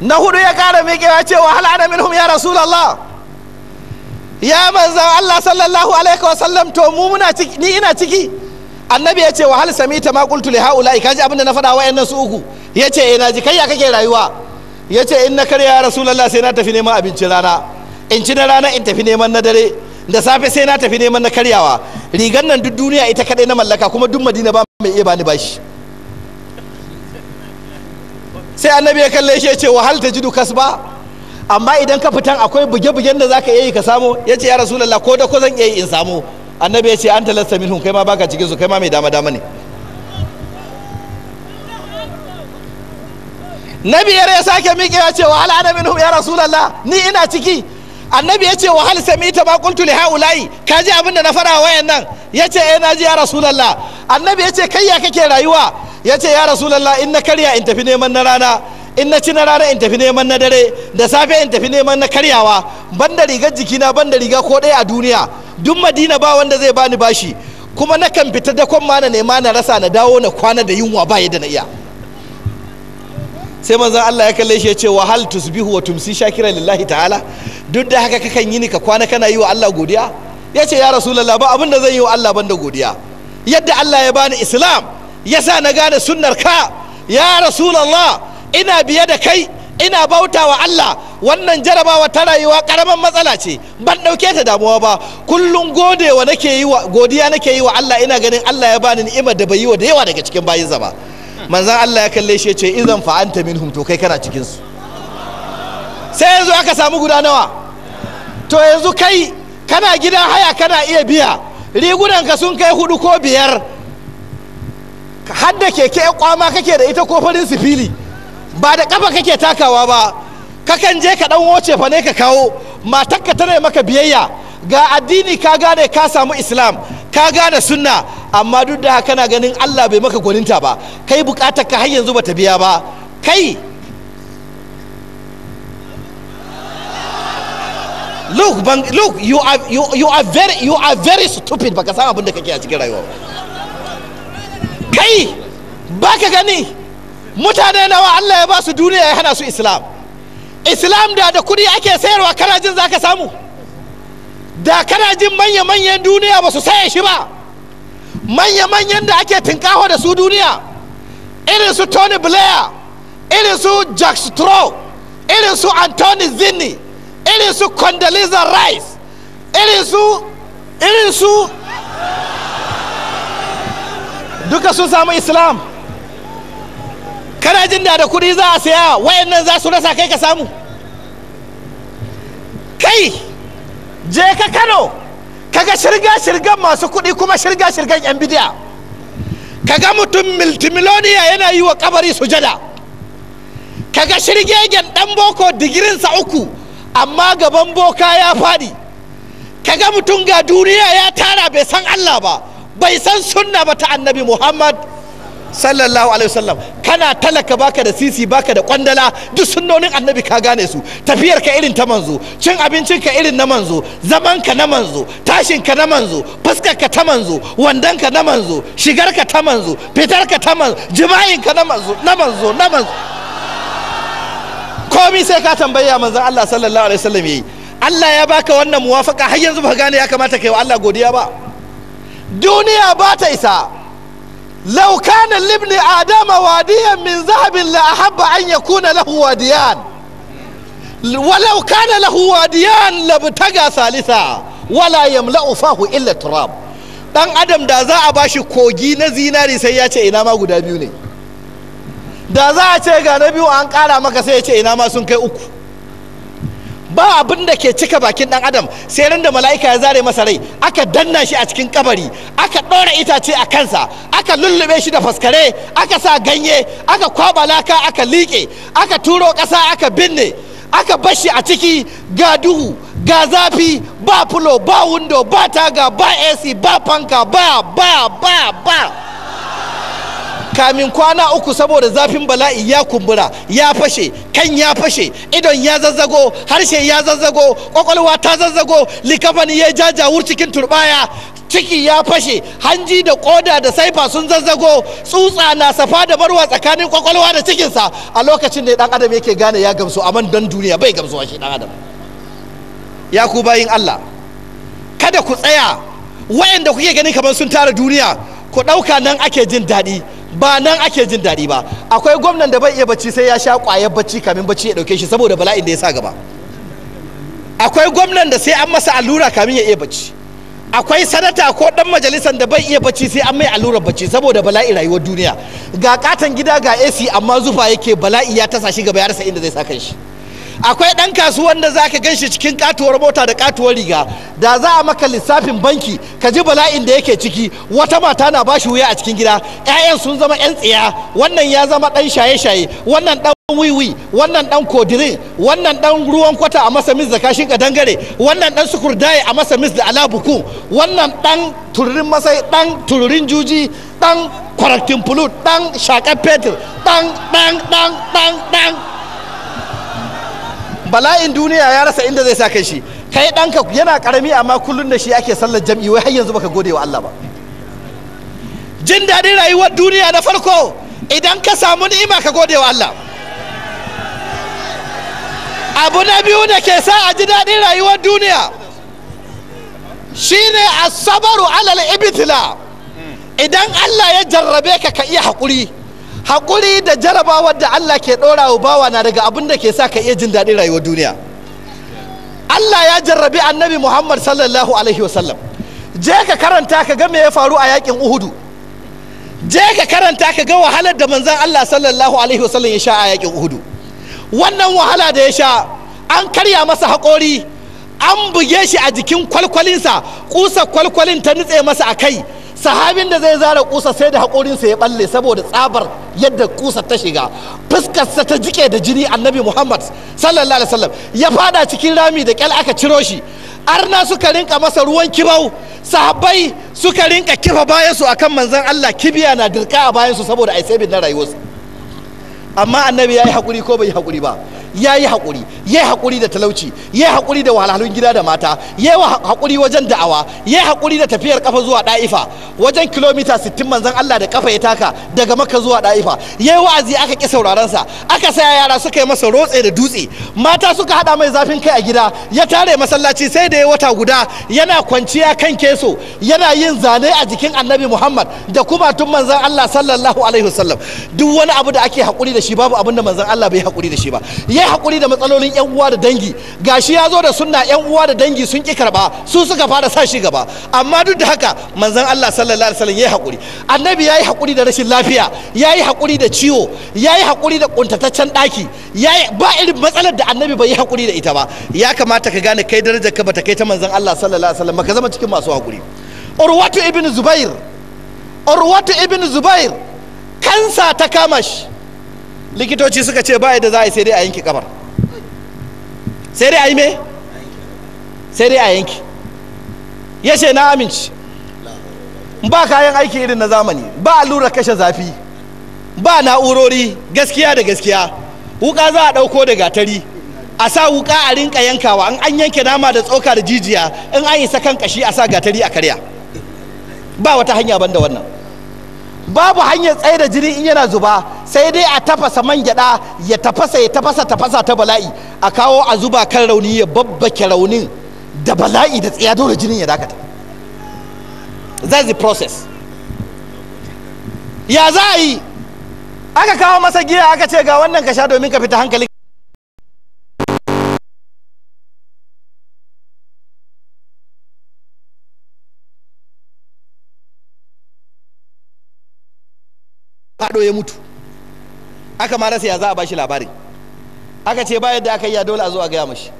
na hudu ya kara miƙewa cewa hal ana minhum ya rasulullah ya manzan Allah sallallahu alaihi wa sallam to mu muna ciki ni ina ciki annabi ya ce wa hal samita ma qultu li haula'i kaji abin da na faɗa wa su uku ya ce ina eh, ji kai ya kake rayuwa ya ce in na karya rasulallah sai na tafi neman abincin rana in ci na rana in tafi neman na dare da safe sai na tafi neman na karyawa rigar nan duk duniya ita kadai na mallaka kuma duk madina ba mai iya bani bashi sai annabi ya kalle shi ya ce wahal ta jidu kasba amma idan ka fitan akwai buge-bugen da zaka iya yi ka samu ya ce ya rasulallah ko da ko zan iya yi in samu annabi ya ce an talasta minhu kai ma baka cikin su kai ma mai dama dama ne nabi ya sake miƙe ya ce wahala ana minhu ya rasulallah ni ina ciki annabi ya ce wahal samita ma qultu li haula'i ka ji abin da na fara wayan nan ya ce eh na ji ya rasulallah annabi ya ce kai ya kake rayuwa ya ce ya rasulallah in na karya in tafi neman na rana in na ci na rana in tafi neman na dare da safe in tafi neman na karyawa ban da rigar jikina ban da riga ko ɗaya a duniya duk madina ba wanda zai bani bashi kuma na kan fita da kwan mana na nema na rasa na dawo na kwana da yunwa ba yadda na iya sai manzon Allah ya kalle shi ya ce wa hal tusbihu wa tumsi shakira lillahi ta'ala duk da haka kakan yi ni ka kwana kana yi wa Allah godiya ya ce ya rasulallah ba abinda zan yi wa Allah banda godiya yadda Allah ya bani islam ya sa na gane sunnar ka ya rasulallah ina biye da kai ina bauta wa Allah wannan jarabawa ta rayuwa karaman matsala ce ban ɗauke ta damuwa ba kullum godewa nake yi wa godiya nake yi wa Allah ina ganin Allah ya bani ni'imar da bai yi wa da yawa daga cikin bayinsa ba manzan Allah ya kalle shi ce idan fa anta minhum to kai kana cikin su sai yanzu aka samu guda nawa to yanzu kai kana gidan haya kana iya biya rigunanka sun kai hudu ko biyar hadda keke kwama kake da ita ko farin sifili ba da kafa kake takawa ba kakan je ka dan woce fa ne ka kawo matakka tana maka biyayya ga addini ka gane ka samu islam ka gane sunna amma duk da haka kana ganin allah bai maka gwaninta ba kai bukatar ka har yanzu bata biya ba kai look bang, look you are you, you are very you are very stupid baka san abin da kake a cikin rayuwa kai baka gani mutane nawa Allah ya ba su duniya ya hana su islam islam da da kudi ake sayarwa kana jin zaka samu da kana jin manya-manyan duniya ba su saye shi ba manya-manyan da ake tinkaho da su duniya irin su tony blair irin su jack straw irin su anthony zinni irin su condoleezza rice irin su irin su duka sun samu islam kana jin da da kuɗi za a saya wayannan za su rasa kai ka samu kai je ka kano kaga shirga-shirgan masu kuɗi kuma shirga-shirgan yan bidiya kaga mutum miltimiloniya yana yi wa kabari sujada kaga shirgegen dan boko digirinsa uku amma gaban boka ya faɗi kaga mutum ga duniya ya tara bai san allah ba bai san sunna ba ta annabi muhammad sallallahu alaihi wasallam kana talaka baka da sisi baka da kwandala duk sunnonin annabi ka gane su tafiyar ka irin ta manzo cin abincin ka irin na manzo zaman ka na manzo tashin ka na manzo fuskar ka ta manzo wandan ka na manzo shigar ka ta manzo fitar ka ta manzo jima'in ka na manzo na manzo na manzo komai sai ka tambaya manzon Allah sallallahu alaihi wasallam yayi Allah ya baka wannan muwafaka har yanzu ba gane ya kamata kai wa Allah godiya ba duniya ba ta isa لو كان لابن آدم واديا من ذهب لأحب أن يكون له واديان ولو كان له واديان لابتغى ثالثا ولا يملأ فاه إلا تراب dan adam da za a bashi kogi na zinari sai ya ce ina ma guda biyu ne da za a ce ga na biyu an kara maka sai ya ce ina ma sun kai uku ba abin da ke cika bakin dan adam sai ran da mala'ika ya zare masa rai aka danna shi a cikin kabari aka ɗora itace a kansa aka lullube shi da faskare aka sa ganye aka kwaba laka aka liƙe aka turo ƙasa aka binne aka bashi a ciki ga duhu ga zafi ba fulo ba wundo ba taga ba ac ba fanka ba ba ba ba kamin kwana uku saboda zafin bala'i ya kumbura ya fashe kan ya fashe idon ya zazzago harshe ya zazzago kwakwalwa ta zazzago likafani ya jajawur cikin turbaya ciki ya fashe hanji da koda da saifa sun zazzago tsutsa na safa da barwa tsakanin kwakwalwa da cikinsa a lokacin da dan adam yake gane ya gamsu man don duniya bai gamsuwa shi dan adam ya ku bayin Allah kada ku tsaya wayanda kuke ganin kamar sun tara duniya ku ɗauka nan ake jin daɗi ba nan ake jin daɗi ba akwai gwamnan da bai iya bacci sai ya sha ƙwayar bacci kamin bacci ya ɗauke shi saboda bala'in da ya sa gaba akwai gwamnan da sai an masa allura kamin ya iya bacci akwai sanata ko dan majalisar da bai iya bacci sai an mai allurar bacci saboda bala'i rayuwar duniya ga katon gida ga ac amma zufa yake bala'i ya tasa shi gaba ya rasa inda zai sa kan shi akwai ɗan kasuwan da za ka gan shi cikin katuwar mota da katuwar riga da za a maka lissafin banki ka ji bala'in da yake ciki wata mata na bashi wuya a cikin gida 'ya'yan sun zama 'yan tsiya wannan ya zama ɗan shaye-shaye wannan ɗan wiwi wannan ɗan kodirin wannan ɗan ruwan kwata a masa mis da kashin kadangare wannan ɗan sukurdaye a masa mis da alabuku wannan ɗan tururin masai ɗan tururin juji ɗan kwaraktin fulut, ɗan shakar fetur ɗan, ɗan, ɗan, ɗan, ɗan. bala'in duniya ya rasa inda zai sa kai shi kai ɗanka yana ƙarami amma kullum da shi ake sallar jam'i wai har yanzu baka gode wa Allah ba jin daɗin rayuwar duniya na farko idan ka samu ni'ima ka gode wa Allah abu na biyu da ke sa a ji daɗin rayuwar duniya shine asabaru alal ibtila idan Allah ya jarrabe ka ka iya haƙuri haƙuri da jaraba da Allah ke ɗora wa bawa na daga abin da ke sa ka iya jin daɗin rayuwar duniya Allah ya jarrabi annabi Muhammad sallallahu alaihi wasallam je ka karanta ka ga me ya faru a yakin Uhudu je ka karanta ka ga wahalar da manzon Allah sallallahu alaihi wasallam ya sha a yakin Uhudu wannan wahala da ya sha an karya masa hakori an buge shi a jikin kwalkwalinsa kusa kwalkwalin ta nutse masa a kai sahabin da zai zara kusa sai da haƙorinsa ya balle saboda tsabar yadda kusa ta shiga fuskarsa ta jike da jini annabi muhammad sallallahu alaihi wasallam ya fada cikin rami da kyal aka ciro shi arna suka rinka masa ruwan kibau sahabbai suka rinka kifa bayansu akan manzon allah kibiya na dirka a bayansu saboda ai sabin na rayuwarsa amma annabi ya yi haƙuri ko bai yi haƙuri ba ya yi haƙuri ya yi haƙuri da talauci ya yi haƙuri da wahalhalun gida da mata ya yi haƙuri wajen da'awa ya yi haƙuri da tafiyar kafa zuwa ɗa'ifa wajen kilomita sittin manzan Allah da kafa ya taka daga maka zuwa ɗa'ifa ya yi wa'azi aka ƙi sa aka saya yara suka yi masa rotse da dutse mata suka haɗa mai zafin kai a gida ya tare masallaci sai da ya wata guda yana kwanciya kan keso yana yin zane a jikin annabi Muhammad da kuma tun manzan Allah sallallahu alaihi wasallam duk wani abu da ake haƙuri da shi babu abin da manzan Allah bai haƙuri da shi ba yayi hakuri da matsalolin yan uwa da dangi gashi ya zo da sunna yan uwa da dangi sun ki karba su suka fara sa shi gaba amma duk da haka manzon Allah sallallahu alaihi wasallam yayi hakuri annabi yayi hakuri da rashin lafiya yayi hakuri da ciwo yayi hakuri da kuntataccen daki yayi ba irin matsalar da annabi bai yi hakuri da ita ba ya kamata ka gane kai daraja ka bata kai ta manzon Allah sallallahu alaihi wasallam ka zama cikin masu hakuri urwatu ibnu zubair urwatu ibnu zubair kansa ta kama shi likitoci suka ce ba da za a yi sai dai a yanki kamar sai dai a yi me sai dai a yanki ya ce na aminci ba kayan aiki irin na zamani ba allura kashe zafi ba na'urori gaskiya da gaskiya wuka za a ɗauko da gatari a sa wuka a rinka yankawa in an yanke nama da tsoka da jijiya in an isa kan kashi a sa gatari a karya ba wata hanya banda wannan babu hanyar tsaye da jini in yana zuba sai dai a tafasa man gyada ya tafasa ya tafasa tafasa ta bala'i a kawo a zuba kan rauni ya babbake raunin da bala'i da tsaya dole jinin ya dakata that's the process ya za a yi aka kawo masa giya aka ce ga wannan ka sha domin ka fita hankali fado ya mutu aka ma rasa ya za a bashi labarin aka ce bayan da aka yi ya dole a zo a gaya mashi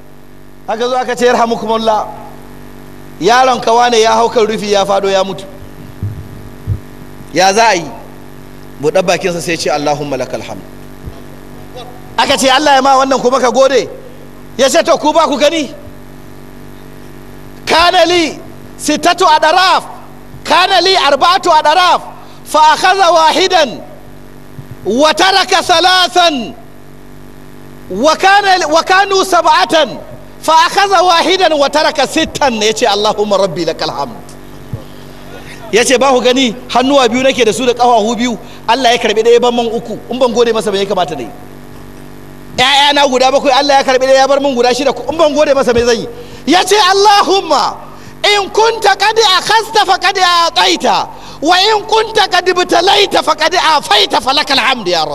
aka zo aka ce kumalla yaron kawa ne ya hau kan rufi ya fado ya mutu ya za a yi buɗe bakinsa sai ce allahumma lakal hamd aka ce allah ya ma wannan kuma ka gode ya ce to ku ba ku gani kanali sitatu a ɗaraf kanali arba'atu a ɗaraf fa akhadha wahidan وترك ثلاثا وكان وكانوا سبعة فأخذ واحدا وترك ستا يتي اللهم ربي لك الحمد yace ba ku gani hannuwa biyu nake da su da ƙafafu biyu Allah ya karbi ɗaya ban man uku in ban gode masa bai kamata ne ƴaƴana guda bakwai Allah ya karbi ɗaya ya bar min guda shida in ban gode masa bai zan yi yace Allahumma in kunta qad akhasta faqad ataita wa in kunta qad bitalaita faqad afaita falakal hamd ya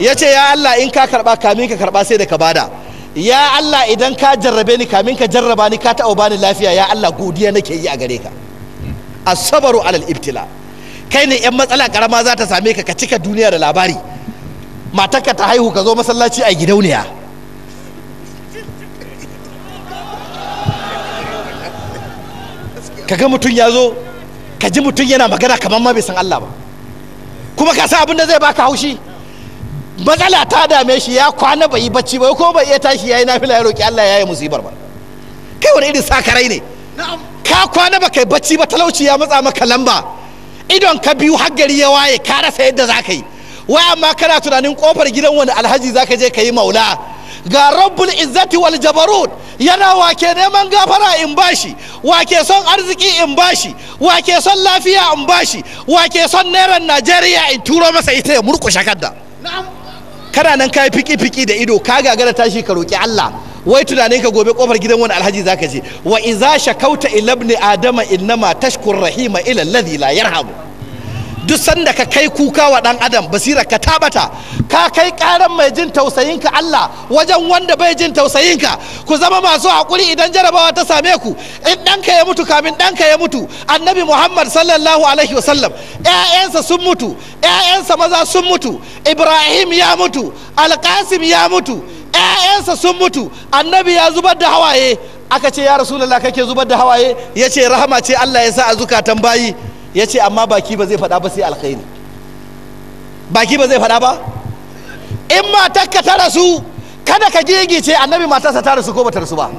yace ya Allah in ka karba kamin ka karba sai da ka bada ya Allah idan ka jarrabe ni kamin ka jarraba ni ka taɓa bani lafiya ya Allah godiya nake yi a gare ka asabaru alal ibtila kai ne yan matsala karama za ta same ka ka cika duniya da labari matarka ta haihu ka zo masallaci a gidauniya ga mutum ya zo ka ji mutum yana magana kamar ma bai san Allah ba kuma ka san abin da zai baka haushi matsala ta dame shi ya kwana bai bacci ba ko bai iya tashi yayi nafila ya roki Allah ya yi musibar ba kai wani irin sakarai ne ka kwana ba kai bacci ba talauci ya matsa maka lamba idon ka biyu har gari ya waye ka rasa yadda za ka yi wai amma kana tunanin kofar gidan wani alhaji za ka je ka yi maula ga rabbul izzati wal jabarut yana wake neman gafara in bashi wake son arziki in bashi wake son lafiya in bashi wake son naira najeriya in turo masa ita ya murkushe kadda kana nan kai fiki fiki da ido ka gagara tashi ka roki Allah wai tunanin ka gobe kofar gidan wani alhaji zaka je wa iza shakauta ila ibn adama innama tashkur rahima ila alladhi la yarhamu duk sanda ka kai kuka wa dan adam basira ka tabata ka kai karan mai jin tausayin ka Allah wajen wanda bai jin tausayin ka ku zama masu hakuri idan jarabawa ta same ku in ɗanka ya mutu kamin ɗanka ya mutu annabi Muhammad sallallahu alaihi wasallam ƴaƴansa sun mutu ƴaƴansa maza sun mutu Ibrahim ya mutu Alƙasim ya mutu ƴaƴansa sun mutu annabi ya zubar da hawaye aka ce ya rasulullah kake zubar da hawaye yace rahama ce Allah ya sa a zukatan bayi ya ce amma baki ba zai faɗa ba sai alkhairi baki ba zai faɗa ba in matarka ta rasu kada ka gigice annabi matarsa ta rasu ko ba ta rasu ba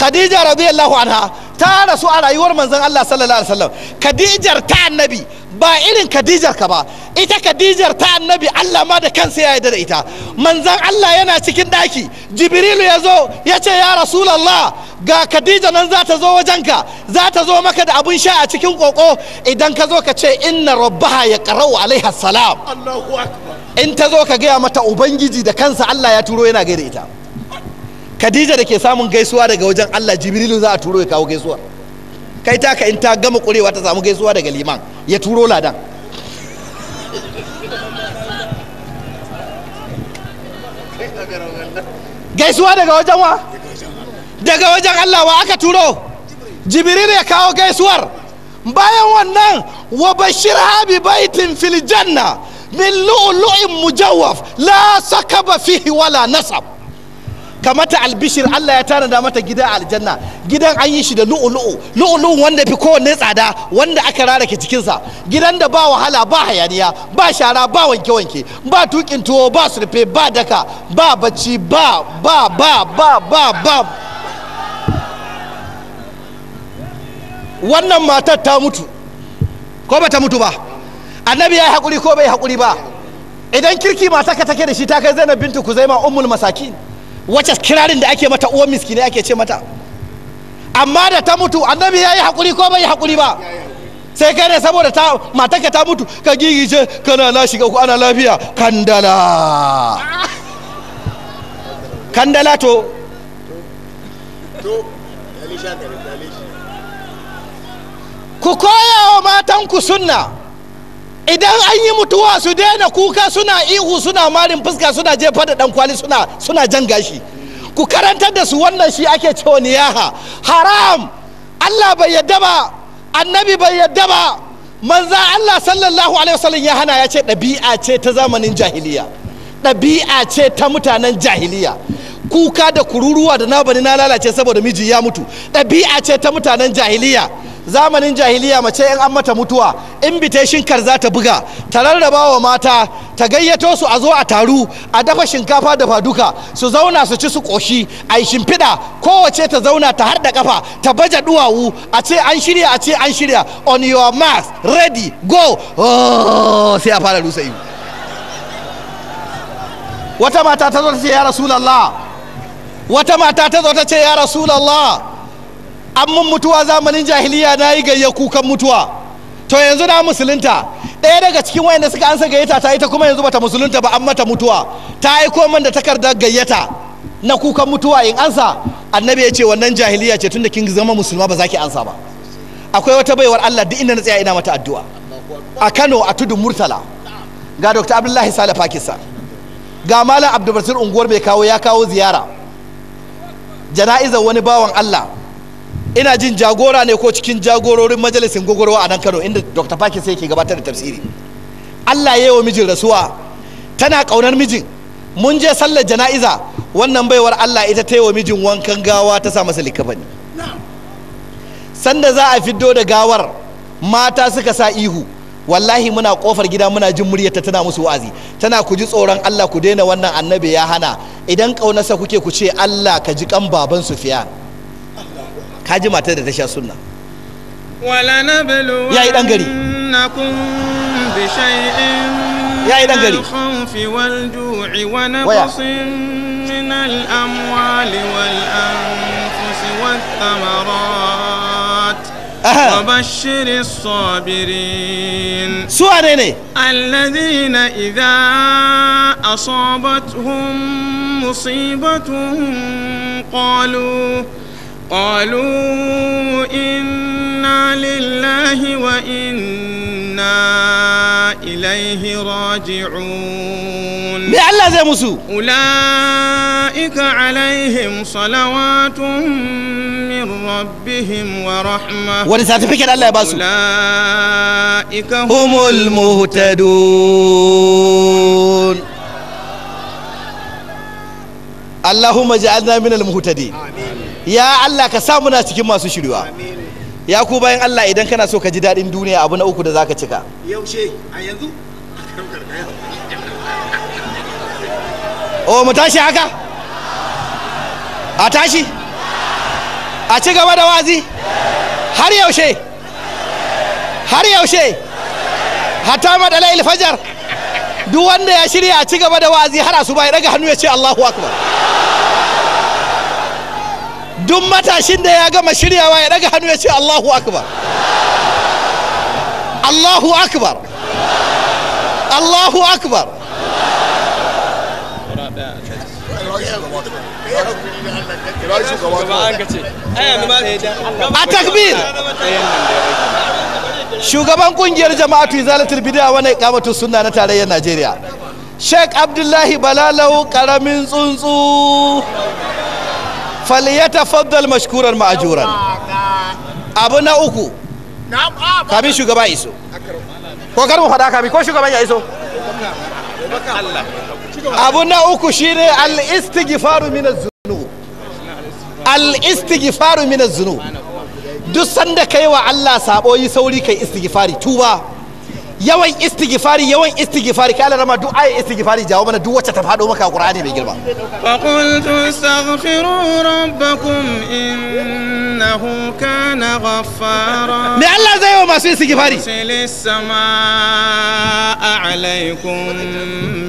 khadija radiyallahu anha ta rasu a rayuwar manzon Allah sallallahu alaihi wasallam khadijar ta annabi ba irin khadijar ka ba ita khadijar ta annabi Allah ma da kansa ya yarda da ita manzon Allah yana cikin daki jibrilu ya zo ya ce ya rasulullah ga khadija nan za ta zo wajenka za ta zo maka da abun sha a cikin koko idan ka zo ka ce inna rabbaha ya qara'u alaiha salam Allahu akbar in ta zo ka gaya mata ubangiji da kansa Allah ya turo yana gaida ita khadija da ke samun gaisuwa daga wajen allah jibrilu za a turo ya kawo gaisuwa kai ka in ta gama kurewa ta samu gaisuwa daga liman ya turo ladan gaisuwa daga wajen wa daga wajen allah wa aka turo jibril ya kawo gaisuwar bayan wannan wa bashir habi baitin fil janna min lu'lu'in mujawwaf la sakaba fihi wala nasab kamata albishir Allah ya da mata gida a aljanna gidan an yi shi da lu'ulu'u lu'ulu'u wanda fi kowanne tsada wanda aka rara rarake cikinsa gidan da ba wahala ba hayaniya ba shara ba wanke-wanke ba tukin tuwo ba surfe ba daka ba bacci ba ba ba ba ba ba wannan matar ta mutu ko ba ta mutu ba annabi ya yi hakuri ko bai hakuri ba idan kirki mata ka take da shi ta kai zainab bintu kuzaima ummul masakin wacce kirarin da ake mata uwan miskina ake ce mata amma da ta mutu annabi ya yi haƙuri ko bai yi haƙuri ba sai kai ne saboda ta ta mutu ka gigice kana na shiga ku ana lafiya kandala kandala to ku koya wa matanku sunna idan an yi mutuwa su daina kuka suna ihu suna marin fuska suna jefa da dan kwali suna suna jan gashi ku karantar da su wannan shi ake cewa niyaha haram Allah bai yadda ba annabi bai yadda ba manza Allah sallallahu alaihi wasallam ya hana ya ce dabi'a ce ta zamanin jahiliya dabi'a ce ta mutanen jahiliya kuka da kururuwa da na bani na lalace saboda miji ya mutu ɗabi'a ce ta mutanen jahiliya zamanin jahiliya mace yan an mata mutuwa in kar za ta buga ta rarraba wa mata ta gayyato su a zo a taru a dafa shinkafa da faduka su zauna su ci su koshi a yi shimfiɗa kowace ta zauna ta harda kafa ta baje duwawu a ce an shirya a ce an shirya on your mask ready go oh, sai a fara rusa yi. wata mata ta zo ta ce ya rasulallah wata mata ta zo ta ce ya rasulallah an mun mutuwa zamanin jahiliya na yi gayya kukan mutuwa to yanzu na musulunta ɗaya daga cikin wayanda suka ansa gayyata ta ita kuma yanzu bata musulunta ba an mata mutuwa ta aiko komai da takardar gayyata na kukan mutuwa in ansa annabi ya ce wannan jahiliya ce da kin zama musulma ba za ki ansa ba akwai wata baiwar Allah duk inda na tsaya ina mata addu'a a Kano a tudun Murtala ga Dr. Abdullahi Sale Pakistan ga Malam Abdulbasir unguwar bai kawo ya kawo ziyara jana'izar wani bawan Allah ina jin jagora ne ko cikin jagororin majalisin gogorwa a nan kano inda dr faki sai ke gabatar da tafsiri allah ya yi wa mijin rasuwa tana ƙaunar mijin mun je sallar jana'iza wannan baiwar allah ita ta yi wa mijin wankan gawa ta sa masa likafani sanda za a fiddo da gawar mata suka sa ihu wallahi muna kofar gida muna jin muryarta tana musu wa'azi tana ku ji tsoron Allah ku daina wannan annabi ya hana idan kaunarsa kuke ku ce Allah ka ji kan baban sufiya kaji ji matar da ta sha sunna wala ya yi dan gari ya yi ɗan gari waya من الأموال والأنفس والثمرات وبشر الصابرين سواريني الذين إذا أصابتهم مصيبة قالوا قالوا إنا لله وإنا إليه راجعون أولئك عليهم صلوات من ربهم ورحمة أولئك هم المهتدون اللهم اجعلنا من المهتدين آمين ya Allah ka samu na cikin masu shiriwa ya ku bayan Allah idan kana so ka ji daɗin duniya abu na uku da zaka cika yaushe a yanzu o oh, mu tashi haka a tashi a ci gaba da wazi har yaushe har yaushe hatta madala ilfajar duk wanda ya shirya a ci gaba da wazi har asuba ya daga hannu ya ce Allahu akbar duk matashin da ya gama shiryawa ya daga hannu ya ce Allahu akbar Allahu akbar Allahu akbar a takbir shugaban kungiyar jama'atu izalatul bid'a wa iqamatu sunna na tarayyar Najeriya Sheikh Abdullahi Balalau karamin tsuntsu faliyata faddal mashkuran ma'ajuran abu na uku kami shugaba iso ko kar mu faɗa kami ko shugaban ya iso abu na uku shine al-istighfaru min az-zunub al-istighfaru min az-zunub duk sanda kai wa Allah sabo yi sauri kai istighfari tuba yawan istighfari yawan istighfari kala rama duk ayi istighfari jawo mana duk wacce ta fado maka qur'ani mai girma fa qultu astaghfiru rabbakum innahu kana ghaffara me Allah zai yi masu istighfari silis samaa alaikum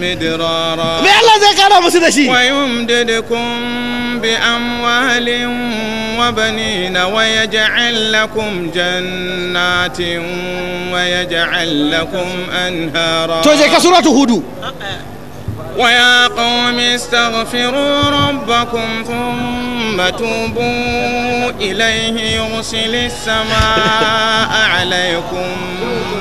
midrara me Allah zai kara musu da shi wa yumdidukum bi amwalin وبنين ويجعل لكم جنات ويجعل لكم لكم أنهارا توجه كسورة هدو ويا قوم استغفروا ربكم ثم توبوا إليه يرسل السماء عليكم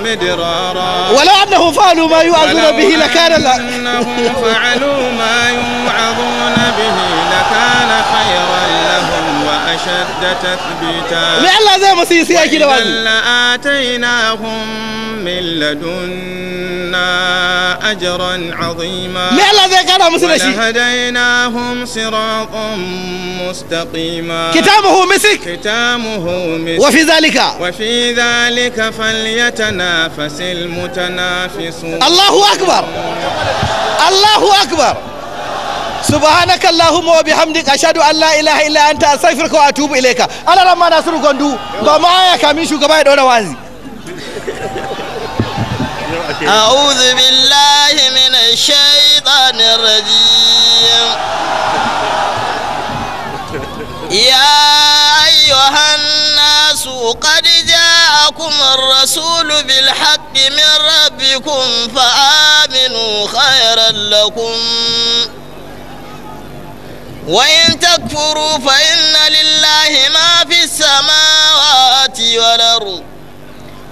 مدرارا ولو أنهم فعلوا ما يوعظون به لكان ولو أنهم فعلوا ما يوعظون به لكان خيرا أشد تثبيتا وإذا لآتيناهم من لدنا أجرا عظيما ولهديناهم صراطا مستقيما كتابه مسك كتابه مسك وفي ذلك وفي ذلك فليتنافس المتنافسون الله أكبر الله أكبر subhanaka allahumma wa bihamdika ashhadu an la ilaha illa anta astaghfiruka wa atubu ilayka alaran ma nasiru gondu ga ma ya kamin shugaba ya dora wazi أعوذ بالله من الشيطان الرجيم يا أيها الناس قد جاءكم الرسول بالحق من ربكم خيرا لكم وإن تكفروا فإن لله ما في السماوات والأرض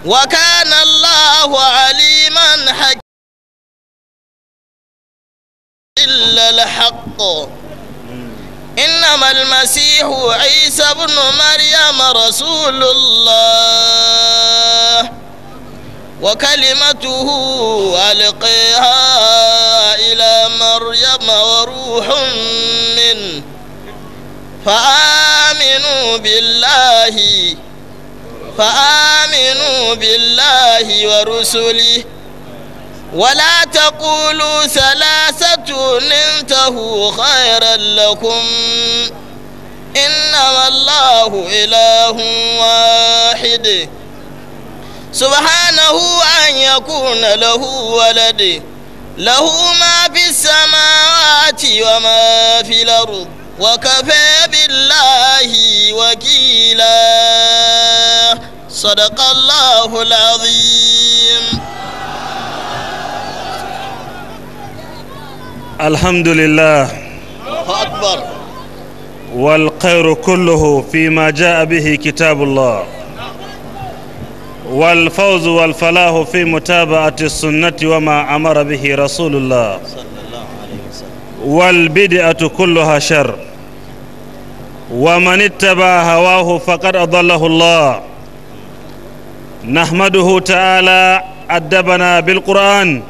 وكان الله عليما حكيما إلا الحق إنما المسيح عيسى بن مريم رسول الله وكلمته ألقيها إلى مريم وروح منه فآمنوا بالله فآمنوا بالله ورسله ولا تقولوا ثلاثة انتهوا خيرا لكم إنما الله إله واحد سبحانه أن يكون له ولد له ما في السماوات وما في الأرض وكفى بالله وكيلا صدق الله العظيم الحمد لله أكبر والخير كله فيما جاء به كتاب الله والفوز والفلاح في متابعة السنة وما أمر به رسول الله والبدعة كلها شر ومن اتبع هواه فقد أضله الله نحمده تعالى أدبنا بالقرآن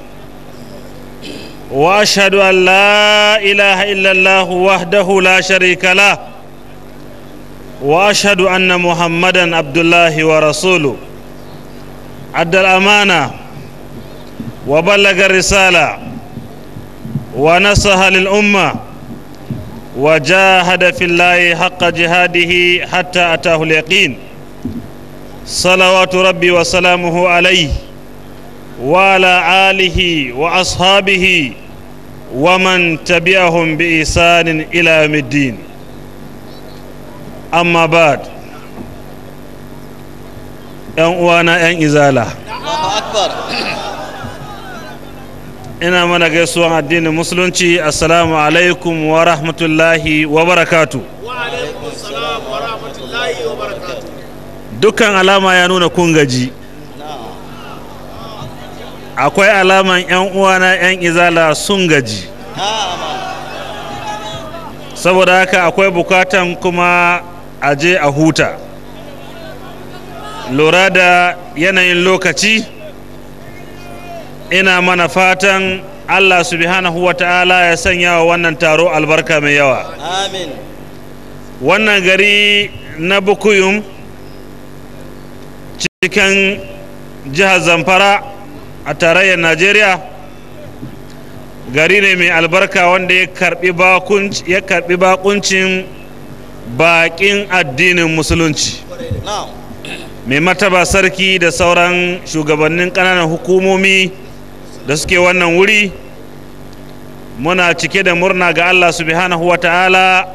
وأشهد أن لا إله إلا الله وحده لا شريك له وأشهد أن محمدا عبد الله ورسوله أدى الأمانة وبلغ الرسالة ونصح للأمة وجاهد في الله حق جهاده حتى أتاه اليقين صلوات ربي وسلامه عليه وعلى آله وأصحابه ومن تبعهم بإحسان إلى يوم الدين أما بعد 'yan uwana 'yan izala ina mana gaisuwan addinin musulunci assalamu alaikum wa rahmatullahi wa barakatu dukkan alama ya nuna kun gaji akwai alaman 'yan uwana 'yan izala sun gaji saboda haka akwai bukatan kuma aje a huta lura da yanayin lokaci ina mana fatan allah subhanahu wa ta'ala ya sanya wa wannan taro albarka mai yawa wannan gari na bukuyum cikin jihar zamfara a tarayyar najeriya gari ne mai albarka wanda ya karbi bakuncin bakin addinin musulunci mai mataba sarki da sauran shugabannin ƙananan hukumomi da suke wannan wuri muna cike da murna ga Allah subhanahu wa ta'ala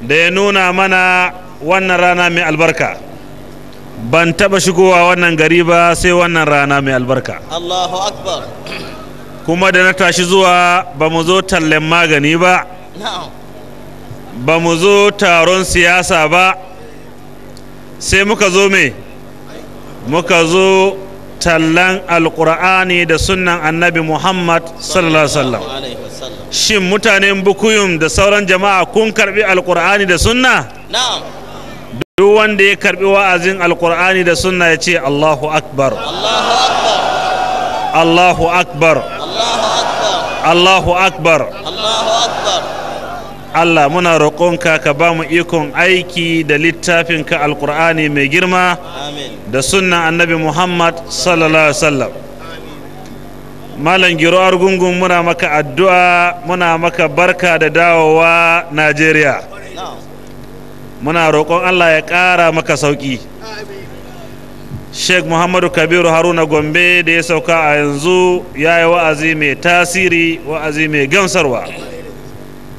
da ya nuna mana wannan rana mai albarka ban taba shigowa wannan gari ba sai wannan rana mai albarka Allahu akbar kuma da na tashi zuwa ba mu zo tallen magani ba ba mu zo taron siyasa ba sai muka zo mai muka zo tallan alƙur'ani da sunan annabi muhammad sallallahu alaihi wasallam shin mutanen bukuyum da sauran jama'a kun karbi alkur'ani da sunna duk wanda ya karbi wa'azin alƙur'ani da sunna ya ce allahu akbar allahu akbar allahu akbar allahu akbar Allah muna roƙonka ka ba mu ikon aiki da littafinka alƙur'ani mai girma da sunna annabi Muhammad sallallahu Alaihi wasallam. Malam Giro Argungun muna maka addu'a muna maka barka da dawowa Najeriya. Muna roƙon Allah ya ƙara maka sauƙi. Sheikh Muhammadu Kabiru Haruna Gombe da ya sauka a yanzu ya yi wa'azi mai tasiri wa'azi mai gamsarwa.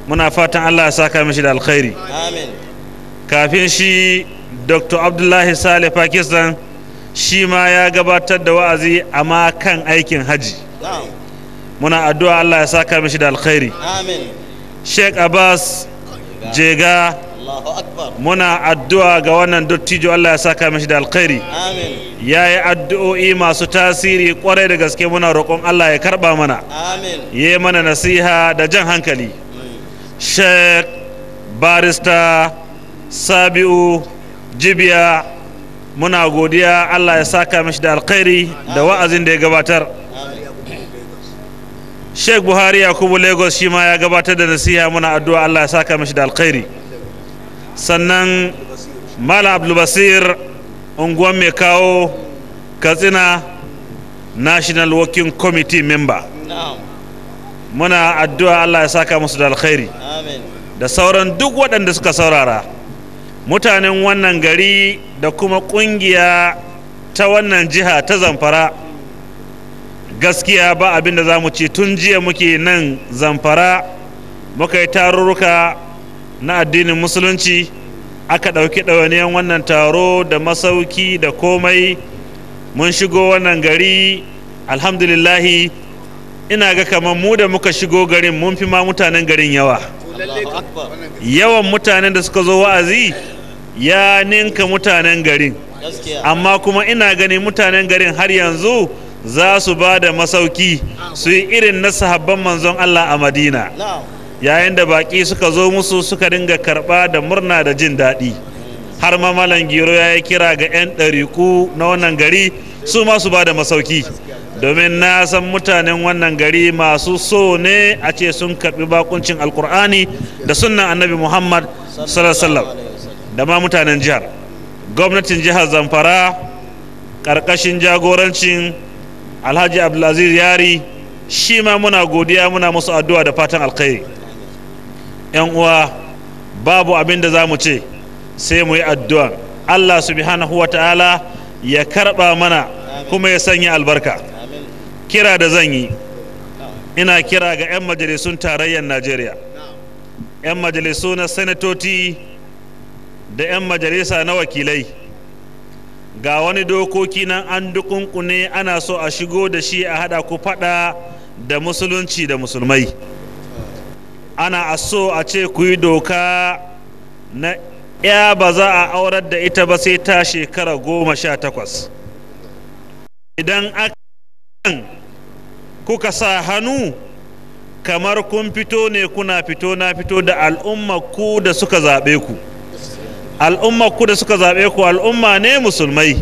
muna fatan Allah ya saka mishi da alkhairi kafin shi dr abdullahi saleh pakistan shi ma ya gabatar da wa'azi amma kan aikin haji muna addu'a Allah ya saka mishi da alkhairi sheikh abbas jega muna addu'a ga wannan dottijo Allah ya saka mishi da alkhairi ya yi addu'o'i masu tasiri kwarai da gaske muna roƙon Allah ya karɓa mana yi mana nasiha da jan hankali sheikh barista sabi'u jibiya muna godiya allah ya saka mashi da alkhairi da wa'azin da ya gabatar sheikh buhari yakubu lagos shi ma ya gabatar da nasiha muna addu'a allah ya saka mashi da alkhairi sannan mala abdulbasir unguwan mai kawo katsina national working committee member muna addu'a Allah ya saka musu da alkhairi da sauran duk waɗanda suka saurara mutanen wannan gari da kuma ƙungiya ta wannan jiha ta zamfara gaskiya ba abin da za mu ce tun jiya muke nan zamfara muka yi tarurruka na addinin musulunci aka ɗauki ɗawainiyar wannan taro da masauki da komai mun shigo wannan gari alhamdulillahi ina ga kamar mu da muka shigo garin mun fi ma mutanen garin yawa yawan mutanen da suka zo wa'azi ya ninka mutanen garin amma kuma ina ganin mutanen garin har yanzu za su ba da masauki su yi irin na sahabban manzon Allah a madina yayin da baƙi suka zo musu suka dinga karɓa da murna da jin daɗi har ma malam giro ya yi kira ga 'yan ɗariku na wannan gari su ma su ba da masauki domin na san mutanen wannan gari masu so ne a ce sun kaɓi bakuncin alkur'ani da sunan annabi muhammad sallallahu da ma mutanen jihar gwamnatin jihar zamfara ƙarƙashin jagorancin alhaji abdulaziz yari shi ma muna godiya muna musu addu'a da fatan alkhairi yan uwa babu abin da za mu ce sai mu yi addu'a allah subhanahu wa ta'ala ya karɓa mana kuma ya sanya albarka kira da zan yi ina kira ga 'yan majalisun tarayyar najeriya 'yan majalisu na sanatoci da 'yan majalisa na wakilai ga wani dokoki nan an dukunkune ana so a shigo da shi a hada ku fada da musulunci da musulmai ana a so a ce ku yi doka na ya ba za a aurar da ita ba sai ta shekara goma sha takwas idan aka kuka sa hannu kamar kun fito ne kuna fito na fito da al'umma ku da suka zaɓe ku al'umma ku da suka zaɓe ku al'umma ne musulmai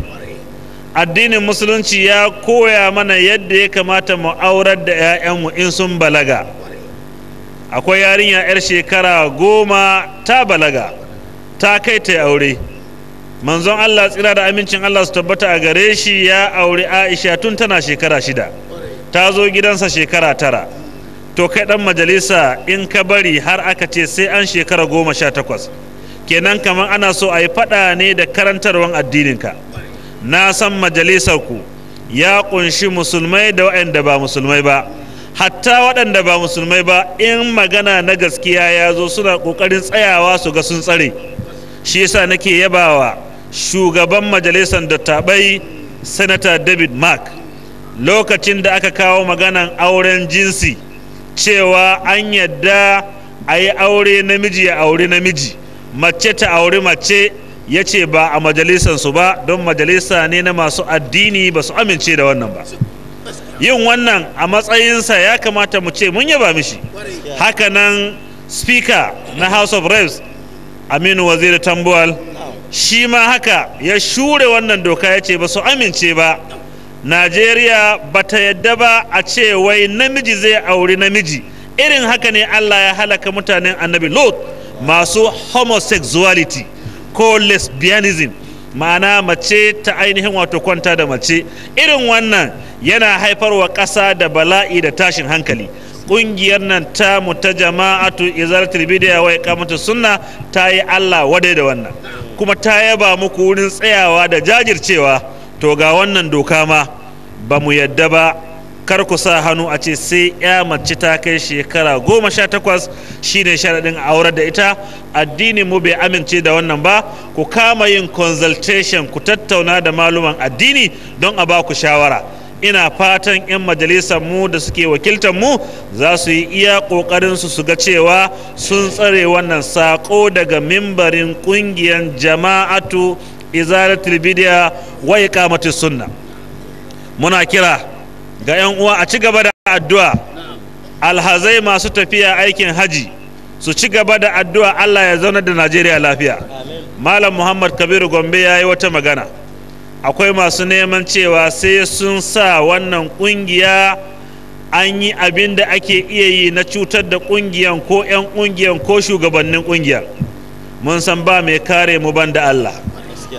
addinin musulunci ya koya mana yadda ya kamata mu aurar da 'ya'yanmu in sun balaga akwai yarinya 'yar shekara goma ta balaga ta kai ta aure manzon Allah tsira da amincin Allah su tabbata a gare shi ya auri Aisha tun tana shekara shida ta zo gidansa shekara tara to kai dan majalisa in ka bari har aka ce sai an shekara goma sha takwas kenan kamar ana so a yi faɗa ne da karantarwan addininka na san majalisar ku ya ƙunshi musulmai da waɗanda ba musulmai ba hatta waɗanda ba musulmai ba in magana na gaskiya ya zo suna ƙoƙarin tsayawa su ga sun tsare shi yasa nake yabawa shugaban majalisar dattabai senator david mark lokacin da aka kawo maganan auren jinsi cewa an yadda a yi aure namiji ya auri namiji mace ta auri mace ya ce ba a su ba don majalisa ne na masu addini ba su amince da wannan ba yin wannan a matsayinsa ya kamata mu ce mun yaba mishi hakanan speaker na house of reps aminu waziri tambuwal shi ma haka ya shure wannan doka ya ce ba su amince ba najeriya ba ta yadda ba a ce wai namiji zai auri namiji irin haka ne allah ya halaka mutanen annabi lot masu homosexuality ko lesbianism ma'ana mace ta ainihin wato kwanta da mace irin wannan yana haifarwa ƙasa da bala'i da tashin hankali ƙungiyar nan ta mu ta jama'atu izar bidiya wai kamata sunna ta yi allah wadai da wannan kuma ta yaba muku wurin tsayawa da jajircewa to ga wannan doka ma ba mu yadda ba kar ku sa hannu a ce sai ya mace ta kai shekara goma sha takwas shine sharaɗin aurar da ita addinin mu bai amince da wannan ba ku kama yin consultation ku tattauna da maluman addini don a ba ku shawara ina fatan 'yan majalisar mu da suke wakiltar mu za su yi iya ƙoƙarin su ga cewa sun tsare wannan saƙo daga mimbarin ƙungiyar jama'atu izalatul bidiya wa iqamatus sunna muna kira ga 'yan uwa a ci gaba da addu'a alhazai masu tafiya aikin haji su ci gaba da addu'a Allah ya zauna da Najeriya lafiya malam Muhammad Kabiru Gombe ya yi wata magana akwai masu neman cewa sai sun sa wannan ƙungiya an yi abin da ake iya yi na cutar da ƙungiyan ko 'yan ƙungiyar ko shugabannin ƙungiyar mun san ba mai kare mu ban da Allah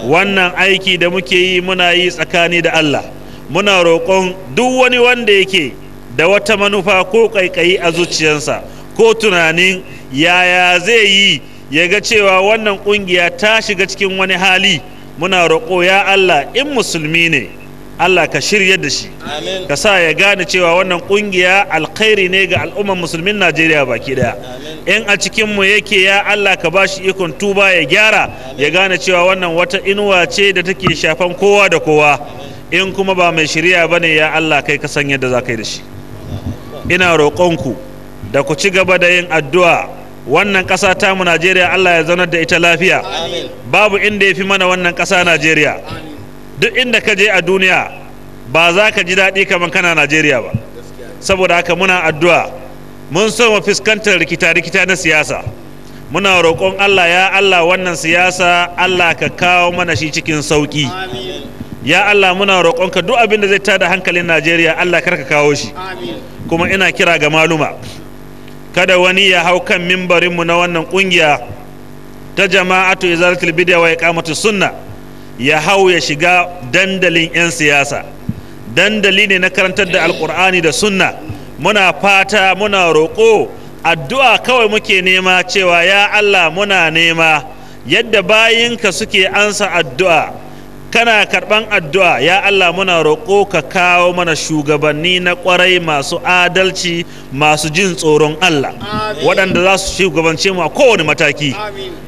wannan aiki da muke yi muna yi tsakani da Allah muna roƙon duk wani wanda yake da wata manufa ko ƙaiƙayi a zuciyarsa ko tunanin yaya zai yi ya ga cewa wannan ƙungiya ta shiga cikin wani hali muna roƙo ya Allah in musulmi ne Allah ka shirya da shi ka sa ya gane cewa wannan ƙungiya alkhairi ne ga al'ummar musulmin Najeriya baki daya in a cikin mu yake ya Allah ka bashi ikon tuba ya gyara ya gane cewa wannan wata inuwa ce da take shafan kowa da kowa in kuma ba mai shirya bane ya Allah kai ka san yadda za ka yi da shi ina roƙonku da ku ci gaba da yin addu'a wannan ƙasa ta mu Najeriya Allah ya zaunar da ita lafiya babu inda ya fi mana wannan ƙasa Najeriya duk inda ka je a duniya ba za ka ji daɗi kamar kana Najeriya ba saboda haka muna addu'a mun so mu fuskantar rikita-rikita na siyasa muna roƙon Allah ya Allah wannan siyasa Allah ka kawo mana shi cikin sauƙi ya Allah muna roƙonka duk abin da zai tada hankalin Najeriya Allah kar ka kawo shi kuma ina kira ga maluma kada wani ya hau kan mimbarinmu na wannan kungiya ta jama'atu izaratul bid'a wa iqamatu sunna ya hau ya shiga dandalin 'yan siyasa dandali ne na karantar da alkur'ani da sunna muna fata muna roƙo addu'a kawai muke nema cewa ya allah muna nema yadda bayinka suke ansa addu'a kana karɓan addu'a ya Allah muna roƙo ka kawo mana shugabanni na ƙwarai masu adalci masu jin tsoron Allah waɗanda za su shugabance mu a kowane mataki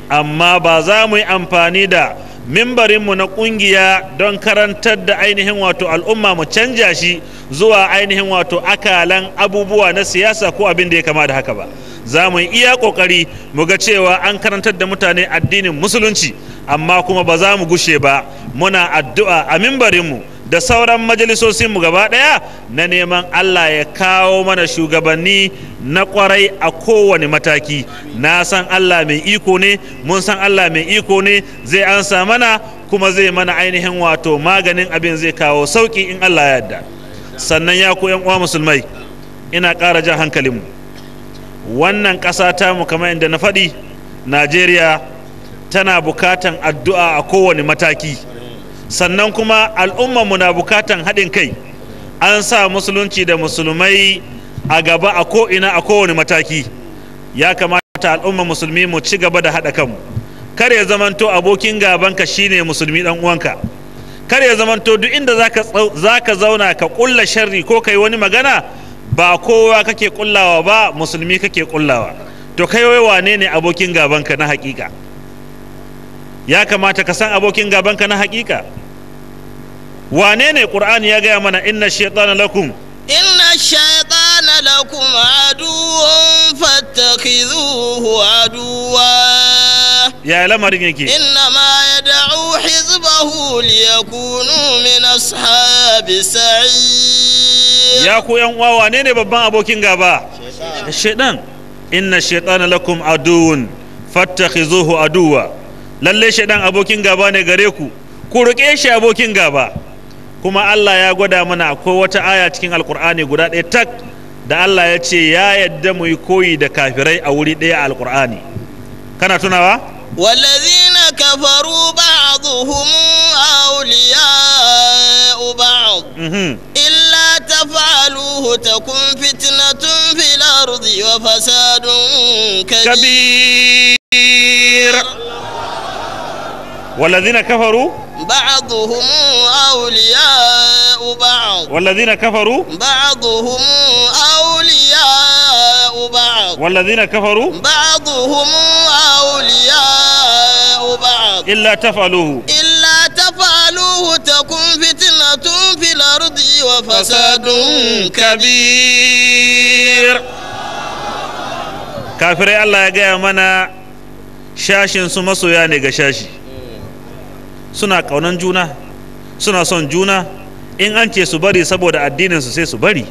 amma ba za mu yi amfani da mimbarinmu na ƙungiya don karantar da ainihin wato al'umma mu canja shi zuwa ainihin wato akalan abubuwa na siyasa ko abin da ya kama da haka ba za mu yi iya ƙoƙari mu ga cewa an karantar da mutane addinin musulunci amma kuma ba za mu gushe ba muna addu'a a mimbarinmu da sauran majalisosinmu gaba ɗaya na neman Allah ya kawo mana shugabanni na kwarai a kowane mataki na san Allah mai iko ne mun san Allah mai iko ne zai ansa mana kuma zai mana ainihin wato maganin abin zai kawo sauƙi in Allah ya yarda sannan ya ku uwa musulmai ina ƙara jan hankalinmu wannan ƙasa mu kamar inda na faɗi najeriya tana bukatan addu'a a kowane mataki sannan kuma al'ummarmu na bukatan haɗin kai an sa musulunci da musulmai a gaba a ko'ina a kowane mataki ya kamata al'ummar musulmi mu ci gaba da haɗa kanmu kar ya zamanto abokin gabanka shine musulmi ɗan uwanka kar ya zamanto duk inda zaka ka zauna ka ƙulla sharri ko ka wani magana ba kowa kake ƙullawa ba musulmi kake ƙullawa to kai wai wane ne abokin gabanka na haƙiƙa ya kamata ka san abokin gabanka na hakika wane ne qur'ani ya gaya mana inna shaytana lakum inna shaytana lakum aduwwun fattakhidhuhu aduwa ya lamarin yake inna ma yad'u hizbahu liyakunu min ashabi sa'ir ya ku yan uwa wane ne babban abokin gaba shaytan inna shaytana lakum aduwwun fattakhizuhu aduwa. lalle shaidan abokin gaba ne gare ku ku ruƙe shi abokin gaba kuma Allah ya gwada mana akwai wata aya cikin alkur'ani guda ɗaya tak da Allah ya ce ya yadda mu yi koyi da kafirai a wuri ɗaya a alkur'ani kana tunawa والذين كفروا بعضهم أولياء بعض إلا تفعلوه تكن فتنة في الأرض وفساد كبير والذين كفروا بعضهم أولياء بعض والذين كفروا بعضهم أولياء بعض والذين كفروا بعضهم أولياء بعض إلا تفعلوه إلا تفعلوه تكن فتنة في الأرض وفساد كبير كافر الله يا جماعة shashin su masoya ne ga shashi suna kaunan juna suna son juna in an ce su bari saboda addinin su sai su bari